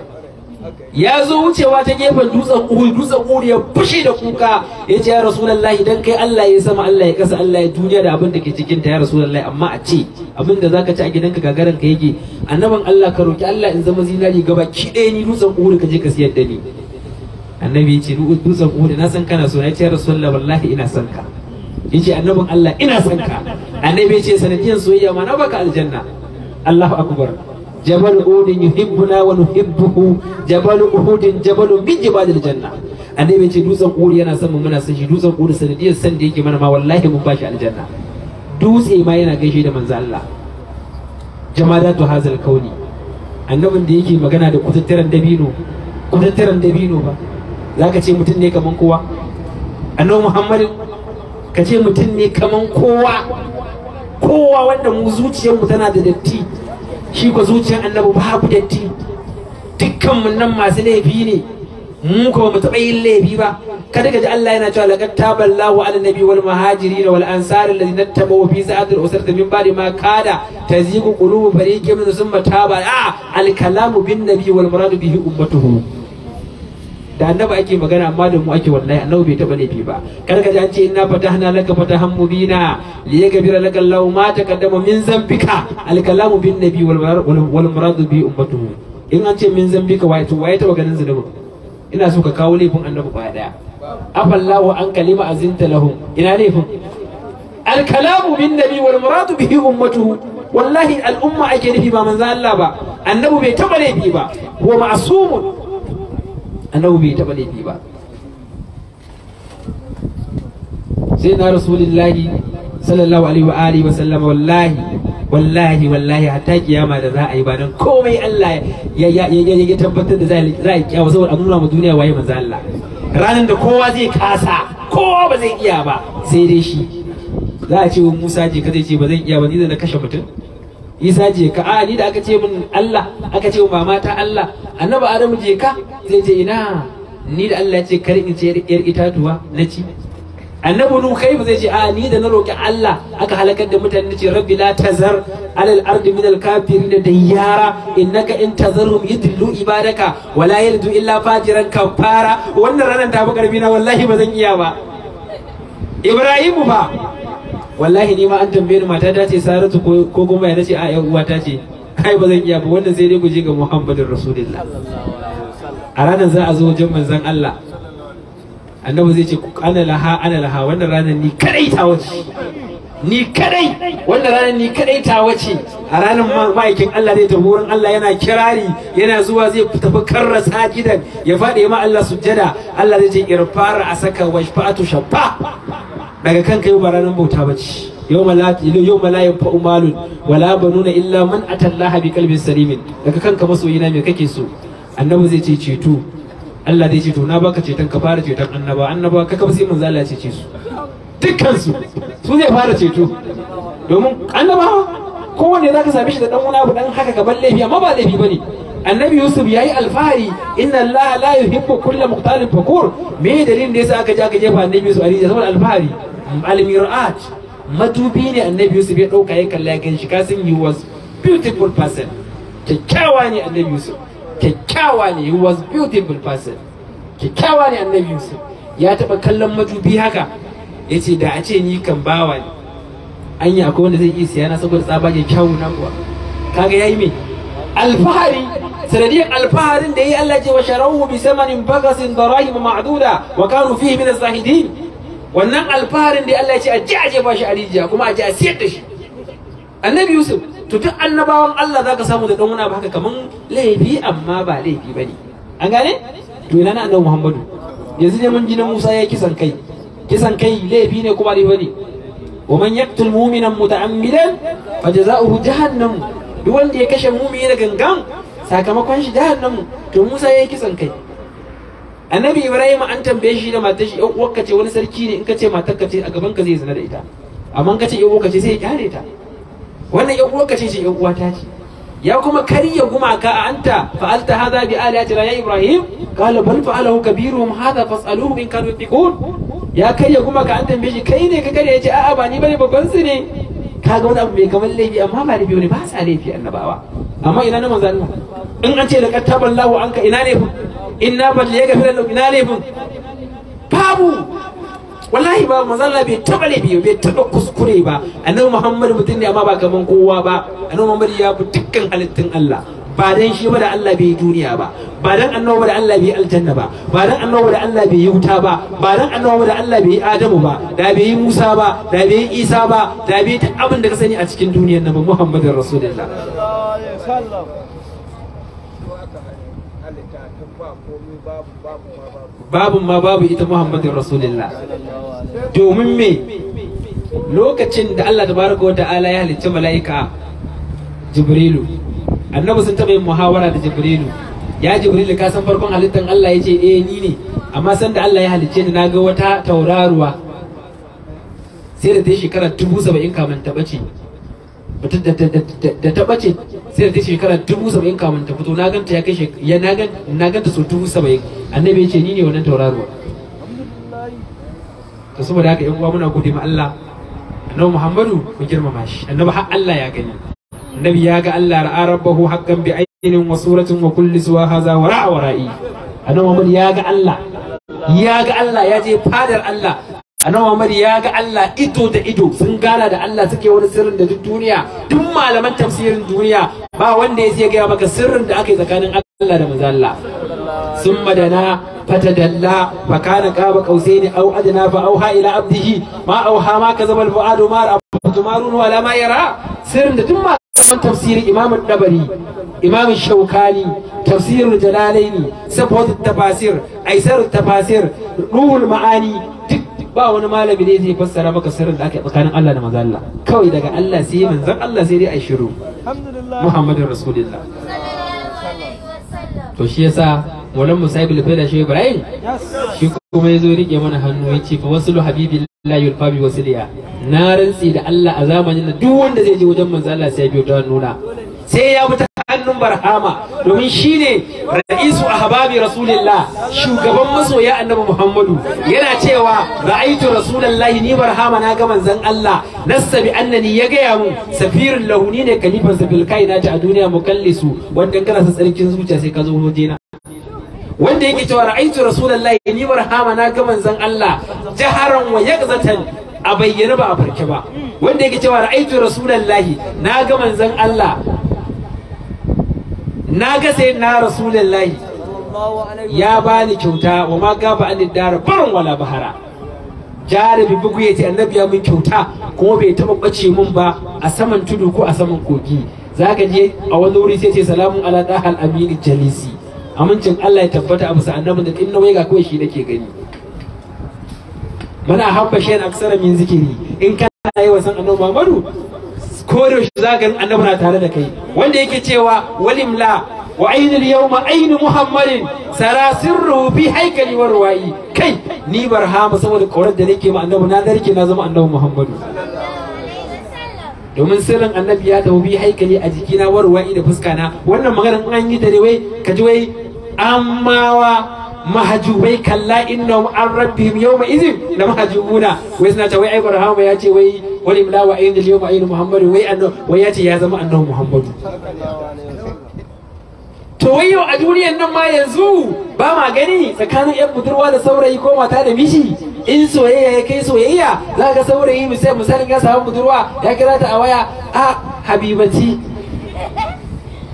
ya zo wucewa ta gefen dutsen uhud dutsen uhud ya fushi da kuka ya ce ya rasulullahi dan kai Allah ya sama Allah ya kasa Allah ya duniya da abin da ke cikin ta ya rasulullahi amma a ce abin da zaka ci a gidanka gagaran ka yake annaban Allah ka roki Allah in zama zinari gaba ki ɗaya ni dutsen uhud ka je ka siyar da ni annabi ya ce dutsen uhud na san kana so ya ce ya rasulullahi wallahi ina son ka ya ce annabin Allah ina son ka annabi ya ce sanadiyan soyayya ma na baka aljanna Allahu akbar جبل أود يحبنا ونحبه جبل أود جبل من janna. الجنة annabi ce dutsen kuri yana son mu muna son shi dutsen kuri sanadiyar san da yake mana ma wallahi mun bashi aljanna dutse ma yana gaishe da manzo Allah jamadatu hazal kauni annabin da yake magana da kututturan dabino kututturan dabino ba zaka ce mutum ne kaman kowa annabi muhammadin ka ce mutum ne kaman kowa kowa wanda mu zuciyarmu tana da datti shi ko zuciyar annabi ku datti dukkan mun nan masu laifi ne mu ko mu taɓa yin laifi ba kada ka ji Allah yana cewa laqad taballahu ala nabi wal muhajirin wal ansar alladhina tabawu fi sa'atil usr min ba'di ma qada taziqu qulubu fariqin min thumma taba a ah, al kalamu bin nabi wal murad bihi ummatuhu da annaba ake magana amma da mu ake wallahi annabi bai taba laifi ba karkaje an ce inna fatahna laka fatahan mubina li yaghfira laka Allahu ma taqaddama min zambika al kalamu bin nabi wal wal murad bi ummatuhu in an ce min zambika waye to waye taba ganin zulumin ina so ka kawo laifin annabi ba daya afallahu an kalima azinta lahum ina laifin al kalamu bin nabi wal murad bi ummatuhu wallahi al umma ake nufi ba manzo Allah ba annabi bai taba laifi ba huwa ma'sumun annabi bai taɓa laifi ba sai na rasulullahi sallallahu alaihi wa alihi wa sallama wallahi wallahi wallahi hatta kiyama da za a yi ba dan komai Allah ya ya ya tabbatar da za a yi kiyama saboda a nuna mu duniya waye manzo Allah ranar da kowa zai kasa kowa ba zai iya ba sai dai shi za a ce wa Musa je ka zai ce ba zan iya ba ni da na kashe mutum isa je ka a ni da aka ce min Allah aka ce mama ta Allah annabi adamu je ka zai je ina ni da Allah ce kar in ce yar itatuwa na ci annabi nu kai zai ce a ni da na roki Allah aka halakar da mutane ce rabbi la tazar alal ardi min al kafirin da dayyara innaka in tazarhum yudillu ibadaka wala yalidu illa fajiran kafara wannan ranan ta fi karbi na wallahi ba zan iya ba ibrahimu ba wallahi ni ma an tambaye ni mata ta ce saratu ko kuma ya nace a yan uwata ce kai ba zan iya ba wannan sai dai ku je ga muhammadin rasulullah a ranar za a zo wajen manzon Allah annabi zai ce ana laha ana laha wannan ranar ni kadai ta wace ni kadai wannan ranar ni kadai ta wace a ranar ma'aikin Allah zai tafi wurin Allah yana kirari yana zuwa zai tafi karra gidan. ya faɗi ma Allah sujjada Allah zai ce irfara asaka wajfatu shabba. daga kanka yau ba ranar bauta ba ce yau fa umalun wala banuna illa man atallaha bi kalbin salimin daga kanka masoyina me kake so annabi zai ce ceto Allah zai ceto na baka ceton ka fara ceton annaba annaba ka kafa sai manzo Allah ya cece su dukkan su su zai fara ceto domin Annaba kowanne zaka same shi da dan wani abu dan haka balle laifi amma ba laifi bane annabi yusuf yayi alfahari inna allaha la yuhibbu kulla muqtalin fakur me dalilin da yasa aka je aka jefa annabi yusuf a saboda alfahari al-mir'at matubi ne annabi yusuf ya dauka ya kalla gan shi kasan he was beautiful person kyakkyawa ne annabi yusuf kyakkyawa ne he was beautiful person kyakkyawa ne annabi yusuf ya taba kallon matubi haka yace da a ce ni kan bawa ne anya akwai wanda zai iya siya na saboda tsabagen kyawu na kuwa kaga yayi me alfahari sanadiyar alfaharin da ya yi Allah ce wa sharahu bi samanin bagasin darahim Ma'aduda, wa kanu fihi min zahidin wannan alfaharin da Allah ya ce a ji a ba shi a kuma a ji a siyar da shi annabi yusuf to duk annabawan Allah zaka samu da dan wani ba haka kaman laifi amma ba laifi bane an gane to ina na annabi muhammadu yanzu ne mun ji na musa ya kisan kai kisan kai laifi ne kuma laifi bane wa man yaqtul mu'mina muta'ammidan jazaohu jahannam duk wanda ya kashe mu'mini da gangan sakamakon shi jahannam to musa ya kisan kai annabi ibrahim an tambaye shi da matar shi uwarka ce wani sarki ne in ka ce matar ka ce a gaban ka zai zina da ita amma ka ce uwarka ce sai ya kyale ta wannan yan uwarka ce ce uwa ta ce ya kuma karya gumaka a anta fa'alta hadha bi alihatina ya ibrahim qala bal fa'alahu kabiruhum hadha fas'aluhum in kanu yatiqun ya karya gumaka an tambaye shi kai ne ka karya ce a'a ba ni bane babban su ne kaga wani abu mai kamar laifi amma ba laifi wani ba sa laifi annabawa amma ina ne manzo Allah in an ce da kattaban lahu anka ina ne fa na bal ya gafira lahu ina ne fa babu wallahi babu manzo Allah bai taba biyo bai taba kuskure ba annabi Muhammad mutum ne amma ba kaman kowa ba annabi Muhammad ya fi dukkan halittun Allah ba dan shi ba da Allah bai duniya ba ba dan annabi da Allah bai aljanna ba ba dan annabi da Allah bai wuta ba ba dan annabi da Allah bai Adamu ba da bai Musa ba da bai Isa ba da bai duk abin da ka sani a cikin duniyar nan Muhammadur Rasulullah wasallam babu ma babu ita muhammadin rasulullah domin me lokacin da allah ta baraka wata ala ya halicci mala'ika jibrilu annabi sun taɓa yin muhawara da jibrilu ya jibrilu ka san farkon halittan allah ya ce eh ni ne amma san da allah ya halicce ni na ga wata tauraruwa sai da ta shekara dubu saba'in kamun ta bace da ta bace sai da ta shekara dubu saba'in kamun ta fito na ganta ya kai ya na ganta so dubu saba'in annabi ya ce ni ne wannan tauraruwa to saboda haka yan uwa muna gode ma Allah annabi Muhammadu mu girmama shi annabi har Allah ya gani annabi ya ga Allah ra'a rabbahu haqqan bi ainin wa suratin wa kulli suwa haza wa ra'a wara'i annabi Muhammadu ya ga Allah ya ga Allah ya je fadar Allah annabi Muhammad ya ga Allah ido da ido sun gana da Allah suke wani sirrin da duk duniya duk malaman tafsirin duniya ba wanda ya sai gaya maka sirrin da aka tsakanin Allah da manzo Allah sun madana fatadalla fa kana qaba qausaini aw adna fa auha ila abdihi ma auha ma zama al-fuadu ma abdu marun wala ma yara sirrin da duk malaman tafsirin Imam Dabari Imam Shaukani tafsirul Jalalaini sabhat tafasir aisar tafasir ruhul ma'ani duk ba wani malami ne zai fassara maka sirrin da aka yi tsakanin Allah da manzo Allah kawai daga Allah sai manzon Allah sai dai ai shiru Muhammadin Rasulullah to shi yasa wannan musaibil fada shi Ibrahim shi kuma yazo rike mana hannu ya ce fa wasulu habibillah yulfabi wasiliya na rantsi da Allah a zamanin da duk wanda zai je wajen manzo Allah sai ya biyo ta nuna sai ya hannun barhama domin shi shine ra'isu ahbabi rasulillah shugaban masoya annabi muhammadu yana cewa ra'aitu rasulullahi ni barhama na ga manzon Allah nasabi annani ya gaya mu safirul lahuni ne kalifan sa kaina ta a duniya mukallisu wanda kana sa tsarkin zuciya sai ka zo na wanda yake cewa ra'aitu rasulullahi ni barhama na ga manzon Allah jaharan wa yakzatan a bayyana ba a farke ba wanda yake cewa ra'aitu rasulullahi na ga manzon Allah na ga sayyidina rasulullahi ya bani kyauta wa ma gaba an dara barin wala bahara jarabi bugu ya ce annabi ya mun kyauta kuma bai taba bace mun ba a saman tudu ko a saman kogi zaka je a wani wuri sai ce salamun ala dahal amin jalisi amincin Allah ya tabbata a musa annabi da inna na ga kawai shi nake gani mana habba na aksara min zikiri in kana yi wa san annabi Muhammadu kore shi zagarin annabi na tare da kai wanda yake cewa walimla wa ainul yawma ainu muhammadin sarasirru fi haikali wa ruwai kai ni barhama saboda korar da nake ma annabi na darke na zama annabi muhammadu domin sirrin annabi ya tafi bi haikali a jikina wa ruwayi da fuskana wannan maganar an yi da ne kaji wai amawa mahajubai kalla innahum an rabbihim yawma idhin la mahajubuna wai suna ta wai ai barhama ya ce wai wal imla wa ayin dal yawma ayin muhammadu wai anno wai ya ce ya zama annabi muhammadu to wai yau a duniyar nan ma yanzu ba ma gani tsakanin yan budurwa da saurayi ko mata da miji in soyayya ya kai soyayya za ka saurayi misali misalin ga sabon budurwa ya kira ta a waya a ah, habibati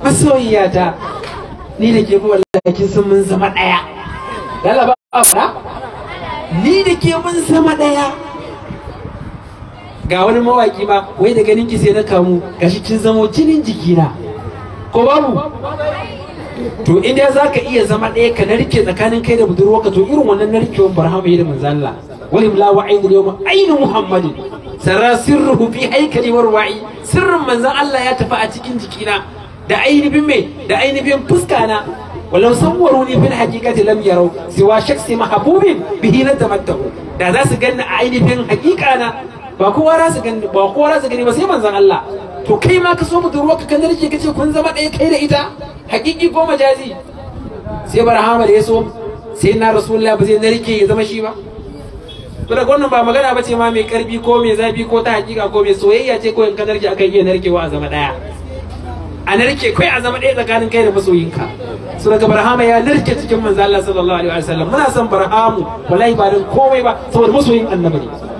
masoyiyata ni da ke wallahi kin san mun zama daya yalla a fara ni da ke mun zama ɗaya ga wani mawaƙi ma wai da ganin ki sai na kamu shi kin zamo jinin jikina ko babu to in dai za ka iya zama ɗaya ka narke tsakanin kai da budurwarka to irin wannan narkewar barhama ya da manzalla wani la wa ainihin yau ainihin muhammadin sarra sirruhu fi haikali warwa'i sirrin manzan Allah ya tafi a cikin jikina da ainihin mai da ainihin na. walau sawwaruni fil haqiqati lam yarau siwa shakhsi mahbubin bihi natamattahu da za su ganni a ainihin haqiqa ba kowa za su gani ba kowa za su sai manzon Allah to kai ma ka so mu ruwa ka kan rike kace kun zama ɗaya kai da ita hakiki ko majazi sai barhama da yaso sai na rasulullahi ba zai narke ya zama shi ba to daga wannan ba magana ba ce ma mai karfi ko mai zafi ko ta haƙiƙa ko mai soyayya ce ko in ka narke akan iya narkewa a zama ɗaya a narke kai a zama ɗaya tsakanin kai da masoyinka su daga barhama ya narke cikin manzo Allah sallallahu alaihi wasallam muna son barhamu wallahi ba dan komai ba saboda masoyin annabi ne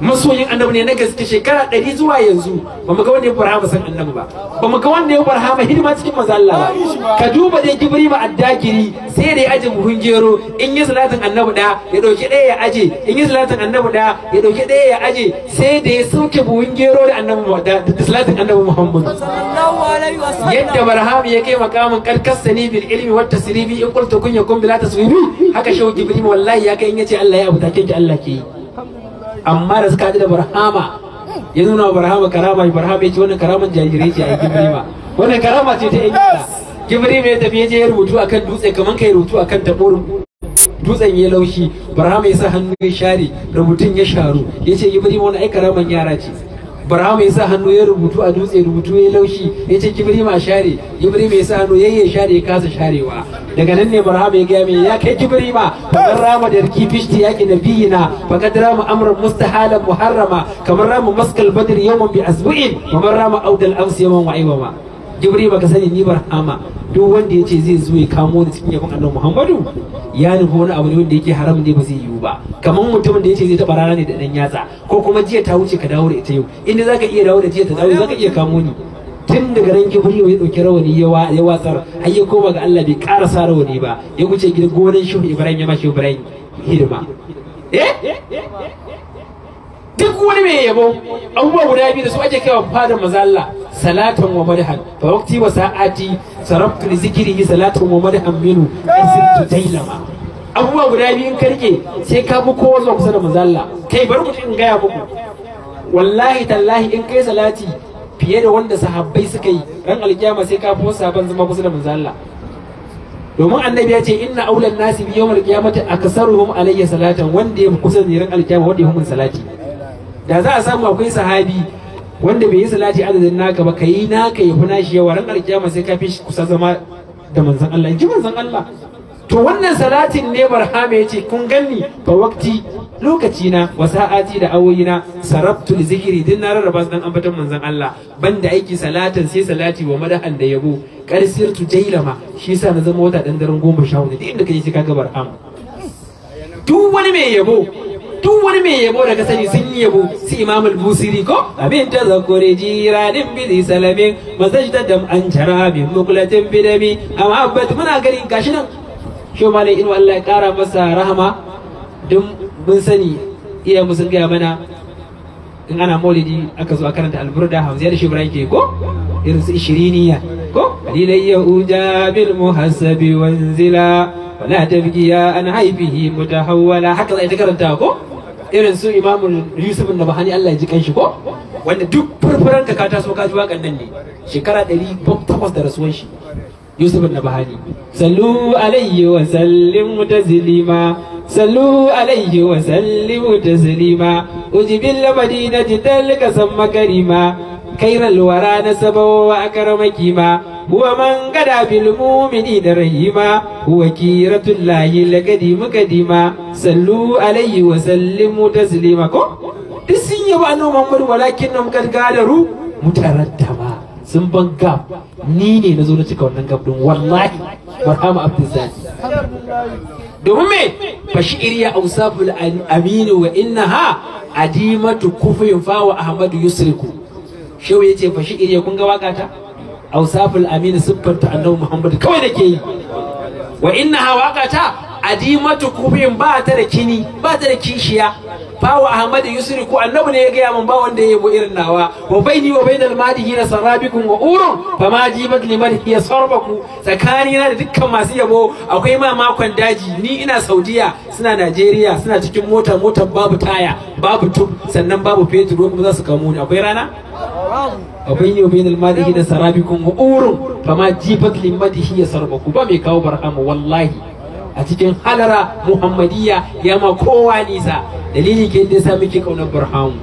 masoyin annabi ne na gaske shekara ɗari zuwa yanzu ba mu ga wanda ya farhama san annabi ba ba mu ga wanda ya farhama hidima cikin mazalla ba ka duba dai gibri ma addakiri sai da ya aje muhun gero in yi salatin annabi da ya dauki ɗaya ya aje in yi salatin annabi da ya dauki ɗaya ya aje sai da ya sauke buhun gero da annabi da salatin annabi Muhammad yadda barhama ya kai makamin karkasa ne bil ilmi wat tasribi in qultu kun yakun bila tasribi haka shehu gibri wallahi ya kai in yace Allah ya abuta ki Allah ke yi amma da suka ji da barhama ya nuna wa barhama karama barhama ya ce wannan karaman jarirai ce a yi gibrima wannan karama ce ta yan gibri mai tafi ya je ya rubutu akan dutse kamar kai rubutu akan tabo dutsen ya laushi barhama ya sa hannu ya share rubutun ya sharu ya ce gibrima wani ai karaman yara ce barawa ya sa hannu ya rubutu a dutse rubutu ya laushi ya ce kibiri ma share kibiri mai sa hannu yayye share ya kasa sharewa daga nan ne barawa mai gaya ya kai kibiri ma kamar rama da kifishti yaki nabiyina faqad rama amran mustahala muharrama kamar rama maskal badr yawman bi azbu'in kamar rama audal ams yawman waiwama jibril baka sani ni Hama. duk wanda ya ce zai zo ya kamo ni cikin yakon annabi muhammadu ya nufa wani abu ne wanda yake haram ne ba zai yiwu ba kamar mutumin da ya ce zai taɓa rana ne da ɗan yatsa ko kuma jiya ta wuce ka dawo da ita yau inda za ka iya dawo da jiya ta dawo za ka iya kamo ni tun daga nan kibriyo ya ɗauki rawani ya watsar har ya koma ga Allah bai ƙara sa rawani ba ya wuce gidan gonan shehu ibrahim ya ma shehu ibrahim hidima eh? duk wani mai yabo abubuwa guda biyu da su ake kaiwa fadar mazalla salatan wa madhan fa waqti wa sa'ati sarabtu li zikrihi salatan wa madhan minu asirtu dailama Abuwa guda biyu in karke sai ka bi kowa zuwa kusa da manzalla kai bar ku in gaya muku wallahi tallahi in kai salati fiye da wanda sahabbai suka yi ran alkiyama sai ka fi sahabban zama kusa da manzalla domin annabi ya ce inna aulan nasi bi yawmal qiyamati aksaruhum alayya salatan wanda ya kusa da ran alkiyama wanda ya mun salati da za a samu akwai sahabi wanda bai yi salati adadin naka ba kayi naka ya huna shi yawa ran alkiyama sai ka fi kusa zama da manzon Allah in ji manzon Allah to wannan salatin ne barhama ce kun ganni ba wakti lokaci na wa sa'ati da awoyi na sarabtu zikiri zikri din na rarraba dan ambaton manzan Allah banda aiki salatin sai salati wa madahan da yabo karsirtu jailama shi yasa na zama wata dan daren goma sha hudu inda kaje sai kaga barhama duk wani mai yabo duk wani mai yabo daga sani sun yi yabo su imamul busiri ko abin ta zakure jiranin bidi salamin masajda dam an jara min muklatin bidami amma abbat muna gari gashi nan shi malai in wallahi kara masa rahama duk mun sani iya mu gaya mana in ana maulidi aka zo a karanta alburda hamziya da shibra ke ko irin su ishiriniya ko lilayya uja bil muhassabi wanzila wala tabgiya an haifihi mutahawwala haka zai ta karanta ko irin su imamun yusuf da bahani allah ya ji shi ko wanda duk furfuran ka ta taso ka ji wakan nan ne shekara ɗari takwas da rasuwan shi yusuf da bahani sallu alayhi wa sallimu taslima sallu alayhi wa sallimu taslima ujibil madinati dalika samma karima kairal wara nasaba wa kima. huwa man gada bil da rahima huwa qiratul lahi laqadima qadima sallu alaihi wa sallimu taslima ko duk sun yaba annabi Muhammad walakin nam kad gadaru mutaraddama sun ban gab ni ne na zo na cika wannan gab wallahi barhama abdulzani domin me bashiriya ausaful aminu wa innaha adimatu kufrin fa wa ahmadu yusriku shehu yace iriya kun ga waka ta ausaful Aminu siffanta annabi muhammad kawai da ke yi wa inna hawaqata adimatu kubin ba ta da kini ba ta da kishiya bawa ahmad yusri ko annabi ne ya gaya min ba wanda ya yabo irin nawa wa baini wa bainal madihi na sarabikum wa urun fa ma jibat liman hiya sarbaku tsakani na da dukkan masu yabo akwai ma makon daji ni ina saudiya suna najeriya suna cikin mota mota babu taya babu tub sannan babu fetur kuma za su kamo ni akwai rana abai yau bainal madihi da kun wa urun ma jibat shi ya sarba ku ba mai kawo barhamu wallahi a cikin halara muhammadiyya ya ma kowa nisa dalili ke da sa muke kaunar barhamu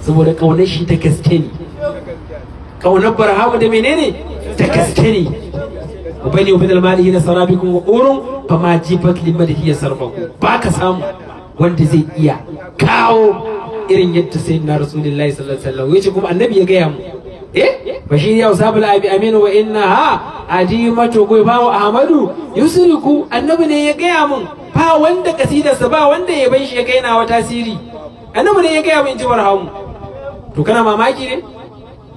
saboda kaunar shi ta gaske ne kaunar barhamu da menene ta gaske ne ubani yau bainal madihi da kun wa urun ma jibat shi ya sarba ku ba ka samu wanda zai iya kawo irin yadda sai na rasulullahi sallallahu alaihi wasallam yace kuma annabi ya gaya mu eh bashir ya la abi aminu wa inna ha adimatu ko bawo ahmadu yusriku annabi ne ya gaya mu ba wanda kasidarsa ba wanda ya bai shi ya kai nawa tasiri annabi ne ya gaya mun ji barhamu to kana mamaki ne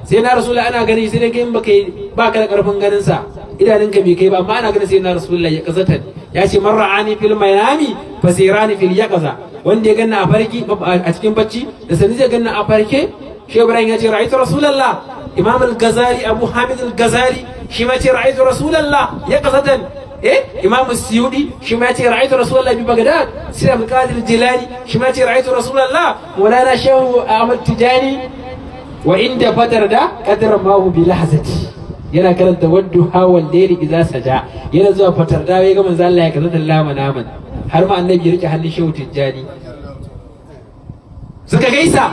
sai na rasulullahi ana gani sai dai kin baka ba ka da karfin ganin sa ka bai kai ba amma ana ganin sai na rasulullahi ya kazata ya ce man ra'ani fil mayami fasirani fil yaqza wanda ya ganna a farki a cikin bacci da sani zai ganna a farke shi ibrahim ya ce ra'aytu rasulullah imam al gazali abu hamid al gazali shi ma ce ra'aytu rasulullah ya kasatan eh imam siyudi shi ma ce ra'aytu rasulullah bi bagdad sai abul qadir jilani shi ma ce ra'aytu rasulullah mulana shehu ahmad tijani wa inda badar da qadara ma hu bi lahzati yana karanta waddu hawal layli idza saja yana zuwa fatar da ya ga manzo Allah ya kaza da lama naman har ma annabi ya rike hannun shehu tijjani suka gaisa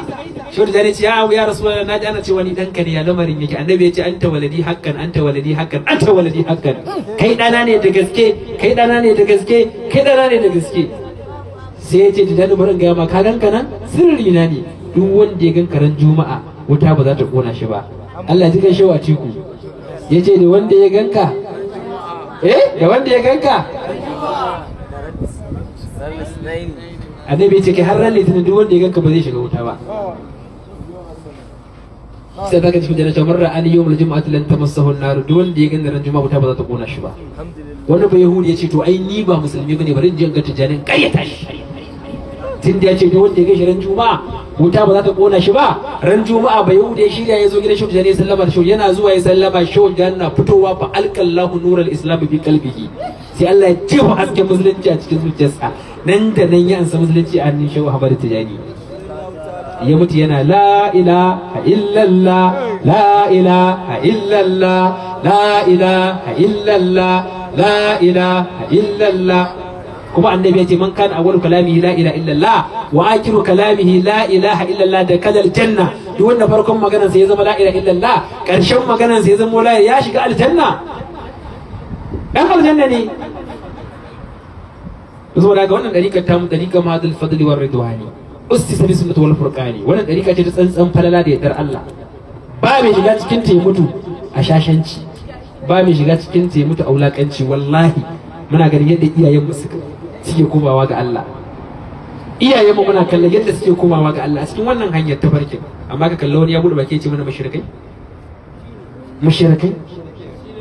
shehu tijjani ce ah, ya ya rasulullah na ji ana ce wani danka ne ya lamarin yake annabi ya ce anta waladi hakkan anta waladi hakkan anta waladi hakkan kai dana ne da gaske kai dana ne da gaske kai dana ne da gaske sai ya ce tijjani bari ga ma ka ganka nan sirri na ne duk wanda ya ganka ran juma'a wuta ba za ta kona shi ba Allah ji shehu wa ciku ya ce da wanda ya ganka eh da wanda ya ganka annabi ce kai har ran litinin duk wanda ya ganka ba zai shiga wuta ba sai ta cikin jannata marra an yawmul jumu'ati lan tamassahu an-nar duk wanda ya ganna ran juma'a wuta ba za ta kona shi ba wani ba yahudi ya ce to ai ni ba musulmi ba bane bari in je ga tijanin kayyata shi tun da ya ce duk wanda ya gaishe ran juma'a wuta ba za ta kona shi ba ran juma'a bai yau da ya shirya ya zo gidan shi da sallama shi yana zuwa ya sallama shi na fitowa fa alqallahu nurul islam bi qalbihi sai Allah ya jefa aske musulunci a cikin zuciyarsa nan da nan ya ansa musulunci a nin shehu habar Tijani ya mutu yana la ilaha illallah la ilaha illallah la ilaha illallah la ilaha illallah kuma annabi ya ce man kana awwalu kalamihi la ilaha illallah wa akhiru kalamihi la ilaha illallah da kalal janna duk wanda farkon maganar sa ya zama la ilaha illallah karshen maganar sa ya zama la ya shiga aljanna dan aljanna ne zuwa daga wannan dariƙa ta mu dariƙa madal fadli war ridwani ussi bi sunnati wal furqani wannan dariƙa ce ta tsantsan falala da yardar Allah ba mai shiga cikin ta mutu a shashanci ba mai shiga cikin ta mutu a wulakanci wallahi muna ganin yadda iyayen musu suka suke komawa ga Allah iyaye mu muna kallon yadda suke komawa ga Allah a cikin wannan hanyar ta farkin amma ka kallon wani ya gudu bakin ce mana mushrikai mushrikai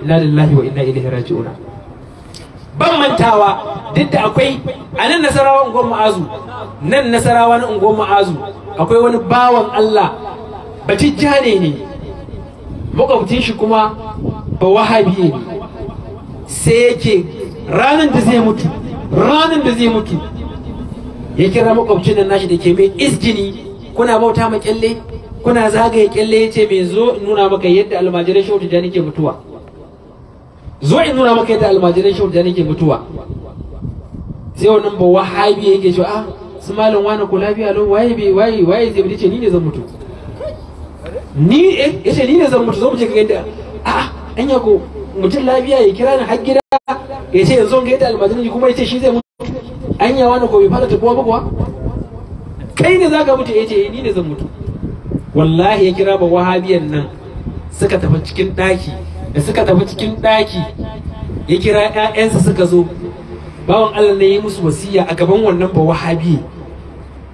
la lillahi wa inna ilaihi raji'una ban mantawa duk da akwai a nan nasarawa ungon ma'azu nan nasarawa na ungon ma'azu akwai wani bawan Allah batijjane ne makwabcin shi kuma ba wahabi ne sai yake ranar da zai mutu ranin da zai mutu ya kira makwabcin nan nashi da ke mai isjini kuna bauta ma kyalle kuna zagaye kyalle ya ce mai zo in nuna maka yadda almajiran shawar tijjani ke mutuwa zo in nuna maka yadda almajiran shawar tijjani ke mutuwa sai wannan ba wahabi yake cewa ah su malam wani ko lafiya lo waye bi waye waye zai bi ce ni ne zan mutu ni eh yace ni ne zan mutu zo mu je ka yadda a'a ah, an ko mutum lafiya ya kira ni har gida ya ce yanzu ga yadda almajirin kuma ya ce shi zai mutu an yawa na ko bai fara tabuwa ba kuwa kai ne za ka mutu ya ce eh, ni ne zan mutu wallahi ya kira ba wahabiyan nan suka tafi cikin ɗaki da suka tafi cikin ɗaki ya kira ƴaƴansa suka zo bawan Allah ne ya musu wasiya a gaban wannan ba wahabi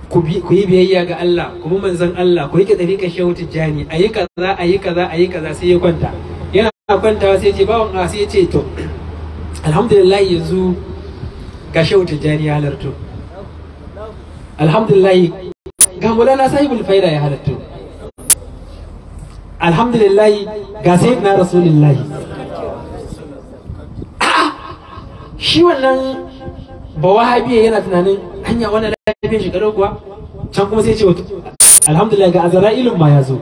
ku yi biyayya ga Allah ku bi manzon Allah ku rike dariƙa shehu A ayi kaza ayi kaza ayi kaza sai ya kwanta yana kwantawa sai ya ce bawan Allah sai ya ce to alhamdulillah yanzu ga shehu tijjani ya halarto alhamdulillah ga mulana sahibul faida ya halarto alhamdulillah ga sayyidina rasulullahi shi wannan ba wahabi yana tunanin hanya wani lafiya shi kuwa can kuma sai ce alhamdulillah ga azra'ilun ma ya zo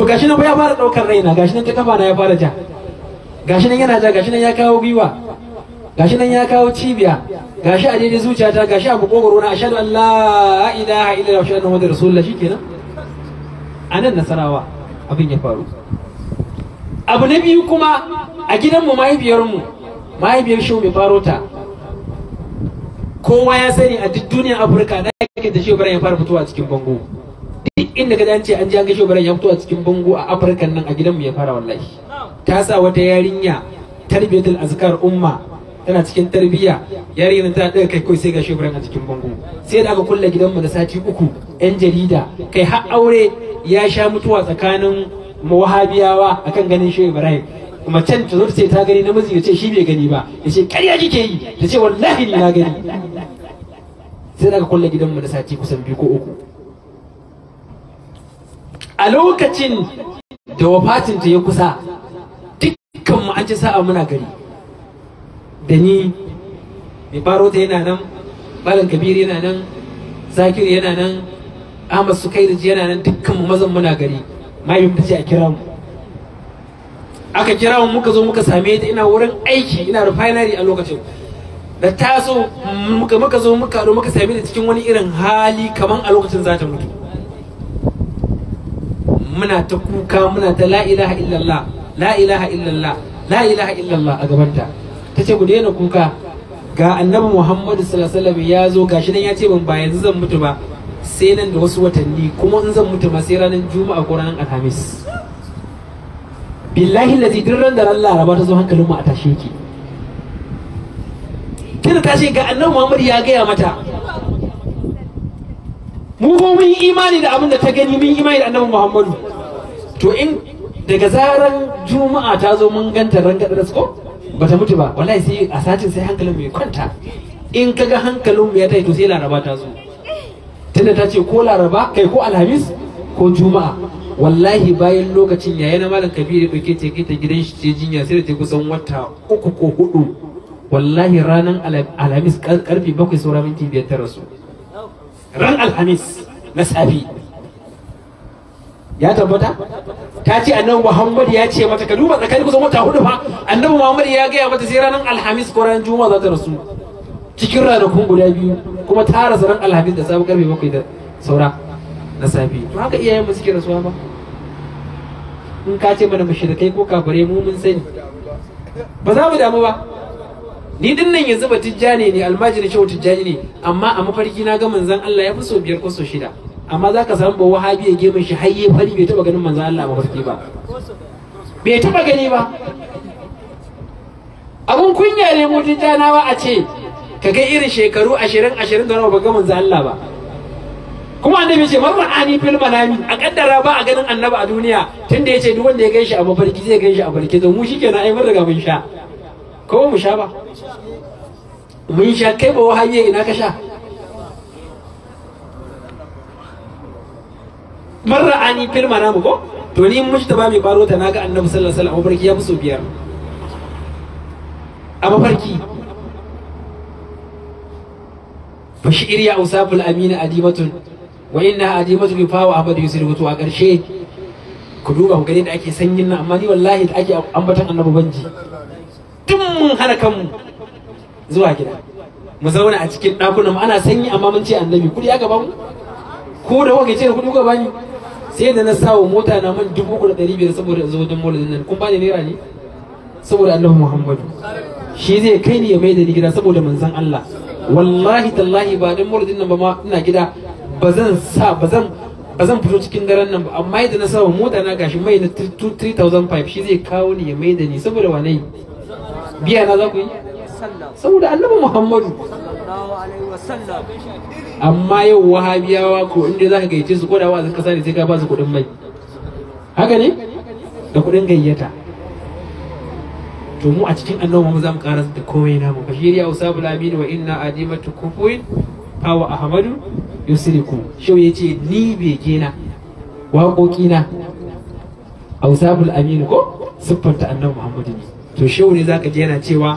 to gashi nan ba ya fara daukar raina gashi nan ta kafa na ya fara ja gashi nan yana ja gashi nan ya kawo giwa gashi nan ya kawo cibiya gashi a daidai zuciyata gashi a kokoro na ashhadu an la ilaha illallah wa ashhadu anna rasulullah shikenan anan nasarawa abin ya faru abu na biyu kuma a gidanmu mahaifiyarmu mahaifiyar mu mai faro ta kowa ya sani a duk duniyar afirka da yake da shi bari ya fara fitowa cikin bango inda ka dace an ji an gasho ya fito a cikin bango a afirka nan a gidanmu ya fara wallahi ta sa wata yarinya tarbiyatul azkar umma tana cikin tarbiyya yarinyar ta daga kai kai sai ga baran a cikin bango sai da aka kulle gidanmu da sati uku yan jarida kai har aure ya sha mutuwa tsakanin wahabiyawa akan ganin shehu ibrahim macen ta zo ta ce ta gani namiji ya ce shi bai gani ba ya ce ƙarya kike yi ta ce wallahi ni na gani sai da aka kulle gidanmu da sati kusan biyu ko uku a lokacin da wafatinta ya kusa dukkanmu an ci sa'a muna gari da ni mai barota yana nan malam kabir yana nan zakir yana nan ahmad ji yana nan dukkanmu mazan muna gari mahaifin ta ce a kira mu aka kira mu muka zo muka same ta ina wurin aiki ina refinery a lokacin da taso muka zo muka muka same ta cikin wani irin hali kaman a lokacin za ta mutu muna ta kuka muna ta la ilaha illallah la ilaha illallah la ilaha illallah a gabanta ta ce ku daina kuka ga annabi muhammadu sallallahu ya zo gashi nan ya ce ban ba yanzu zan mutu ba sai nan da wasu watanni kuma in zan mutu ma sai ranar juma'a ko ranar alhamis billahi lazi duk ran da ran laraba ta zo hankalin mu a tashe ki kina tashi ga annabi muhammadu ya gaya mata mu ko mun imani da abin da ta gani mun imani da annabi Muhammadu to in daga zaran juma'a ta zo mun ganta ran gadar ko ta mutu ba wallahi sai a satin sai hankalin mu ya kwanta in kaga hankalin mu ya tai to sai laraba ta zo tunda ta ce ko laraba kai ko alhamis ko juma'a wallahi bayan lokacin yaya na malam kabiru ke ta ta gidan shi ce jinya sai da ta kusan wata uku ko hudu wallahi ranar alhamis karfe bakwai saura minti biyar ta rasu ran alhamis na safi ya tabbata ta ce annabi muhammad ya ce mata ka duba tsakanin kusan wata hudu fa annabi muhammad ya gaya mata sai ranar alhamis ko ranar juma'a za ta rasu cikin ranakun guda biyu kuma ta rasu ran alhamis da safi karfe bakwai da saura na safe to haka iyayen mu suke rasuwa ba in ka ce mana mushrikai ko kafare mu mun sani ba za mu damu ba ni din nan yanzu ba tijjani ne almajiri shehu tijjani ne amma a mafarki na ga manzon Allah ya fi so biyar ko so shida amma za ka samu ba wahabi ya gemun shi hayye fari bai taba ganin manzon Allah a mafarki ba bai taba gani ba abun kunya ne mu Tijjana ba a ce ka ga irin shekaru ashirin ashirin da nawa ba ga manzon Allah ba kuma annabi ce mar ani fil manami a kaddara ba a ganin annabi a duniya tunda yace duk wanda ya ganshi a mafarki zai ganshi a farki to mu shikenan ai mun riga mun sha ko mu sha ba mun sha kai ba wahaye ina ka sha marra ani firma na mu ko to ni ba mai baro ta naga annabi sallallahu alaihi wasallam barki ya musu biyar a mafarki bashir ya usaful amina adimatun wa inna adimatun yufawa abad yusir wato a karshe ku duba ku gani da ake sanyin nan amma ni wallahi da ake ambatan annabi banji mun hana kanmu zuwa gida mu zauna a cikin ɗakunan ana sanyi amma mun ce annabi kuɗi ya gaba mu ko da wani ce kudi kuɗi bani sai da na sawo mota na man dubu uku da ɗari biyar saboda zuwa don maulidin nan kun bani naira ne saboda annabi muhammadu shi zai kai ni ya mai da ni gida saboda manzon allah wallahi tallahi ba dan maulidin nan ba ma ina gida ba zan sa ba zan ba zan fito cikin daren nan ba amma yadda na sawa mota na gashi mai na 3500 shi zai kawo ni ya mai da ni saboda wane biya na zaku yi saboda annabi muhammadu amma yau wahabiyawa ko inda za ka gaice su kodawa wa kasa ne sai ka ba su kuɗin mai haka ne da kuɗin gayyata to mu a cikin annabi za zamu karar da komai namu shirya ya usabu lamini wa inna adimatu kufuin awa ahmadu yusriku shau ya ce ni bege na waƙoƙi na ausabul aminu ko siffanta annabi Muhammadu ne to shehu ne zaka ji yana cewa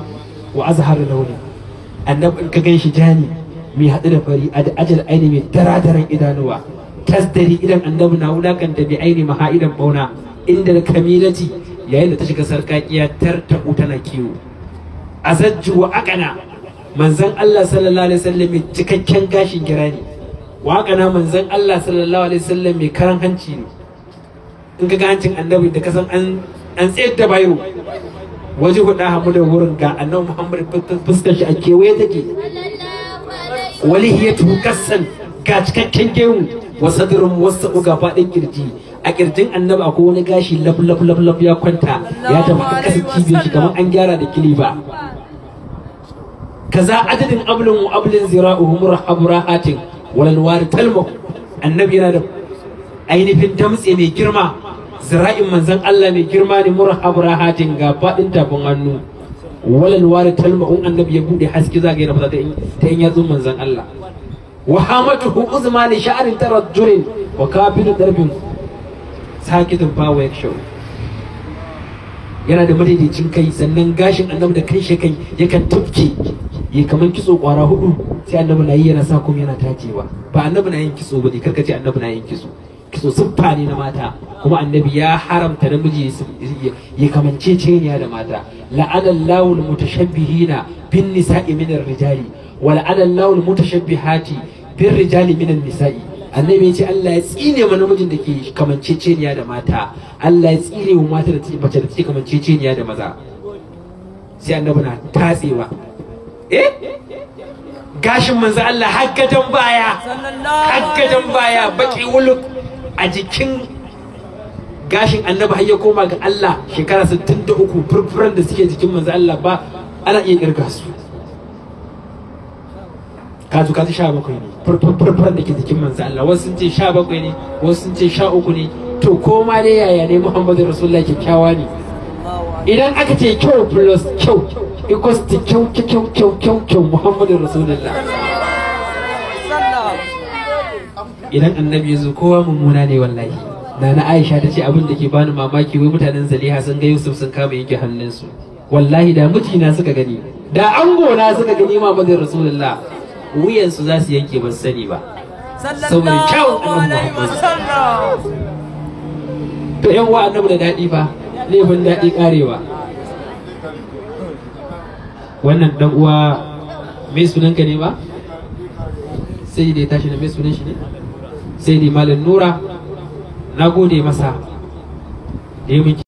wa azhar launi annabi in ka ganshi jani mai hadu da fari a ajal aini mai daradaran idanuwa tasdari idan annabi na da bi aini maha idan bauna inda kamilati yayin da ta shiga sarkakiya tartaku tana kiwo azajju wa aqana manzon Allah sallallahu alaihi wasallam cikakken gashin girani ne wa aqana manzon Allah sallallahu alaihi wasallam mai karan hanci ne in ka ga hancin annabi da kasan an an tsayar da bayro waje guda hamu da wurin ga annabi muhammad fuskar shi a kewaye take walihiyatu kassan ga cikakken gemu wa sadrun wasu ga faɗin kirji a kirjin annabi akwai wani gashi lab lab lab lab ya kwanta ya tafi kan kasa cibiyar shi kamar an gyara da kiliba kaza adadin ablin wa ablin zira'uhum rahabu rahatin walal wari talmuk annabi yana da ainihin damtse mai girma zira'in manzon Allah ne girma ne murhabu rahatin ga faɗin tafin hannu walal wari talma 'un annabi ya bude haske za ga yana ta yin yatsun manzon Allah wa hu uzma li sha'rin tarajjulin wa kafidu darbin sakitun bawa ya yana da madaidaicin kai sannan gashin annabi da kan shi kai yakan tufke ya kaman kitso kwara hudu sai annabi na yi yana sa kuma yana tacewa ba annabi na yin kitso ba ne karkace annabi na yin kitso su siffa ne na mata kuma annabi ya haramta namiji ya kamance ceniya da mata la'anallahu almutashabbihina bin nisa'i minar rijali wa la'anallahu almutashabbihati bin rijali minan nisai annabi ya ce Allah ya tsine ma namijin da ke kamance ceniya da mata Allah ya tsine wa mata da take mace da take kamance ceniya da maza sai annabi na tatsewa eh gashin manzo Allah hakkadan baya hakkadan baya baki wuluk a jikin gashin annabi har ya koma ga Allah shekara 63 furfuran da suke jikin manzo Allah ba ana iya kirga su kazu kazu 17 ne furfuran da ke jikin manzo Allah wasu sun ce 17 ne wasu sun ce 13 ne to koma dai yaya ne Muhammadu Rasulullah kyakkyawa ne idan aka ce kyau plus kyau equals to kyau kyau kyau kyau kyau Muhammadu Rasulullahi idan annabi ya zo kowa mummuna ne wallahi na na aisha ta ce abin da ke bani mamaki wai mutanen zaliha sun ga yusuf sun kama yanke hannunsu wallahi da mijina suka gani da ango na suka gani ma mamadin rasulullah su za su yanke ban sani ba saboda kyawun annabi muhammad yan wa annabi da daɗi fa laifin dadi karewa wannan dan uwa mai sunanka ne ba sai dai tashi da mai sunan shi ne sai di malin nura na gode masa da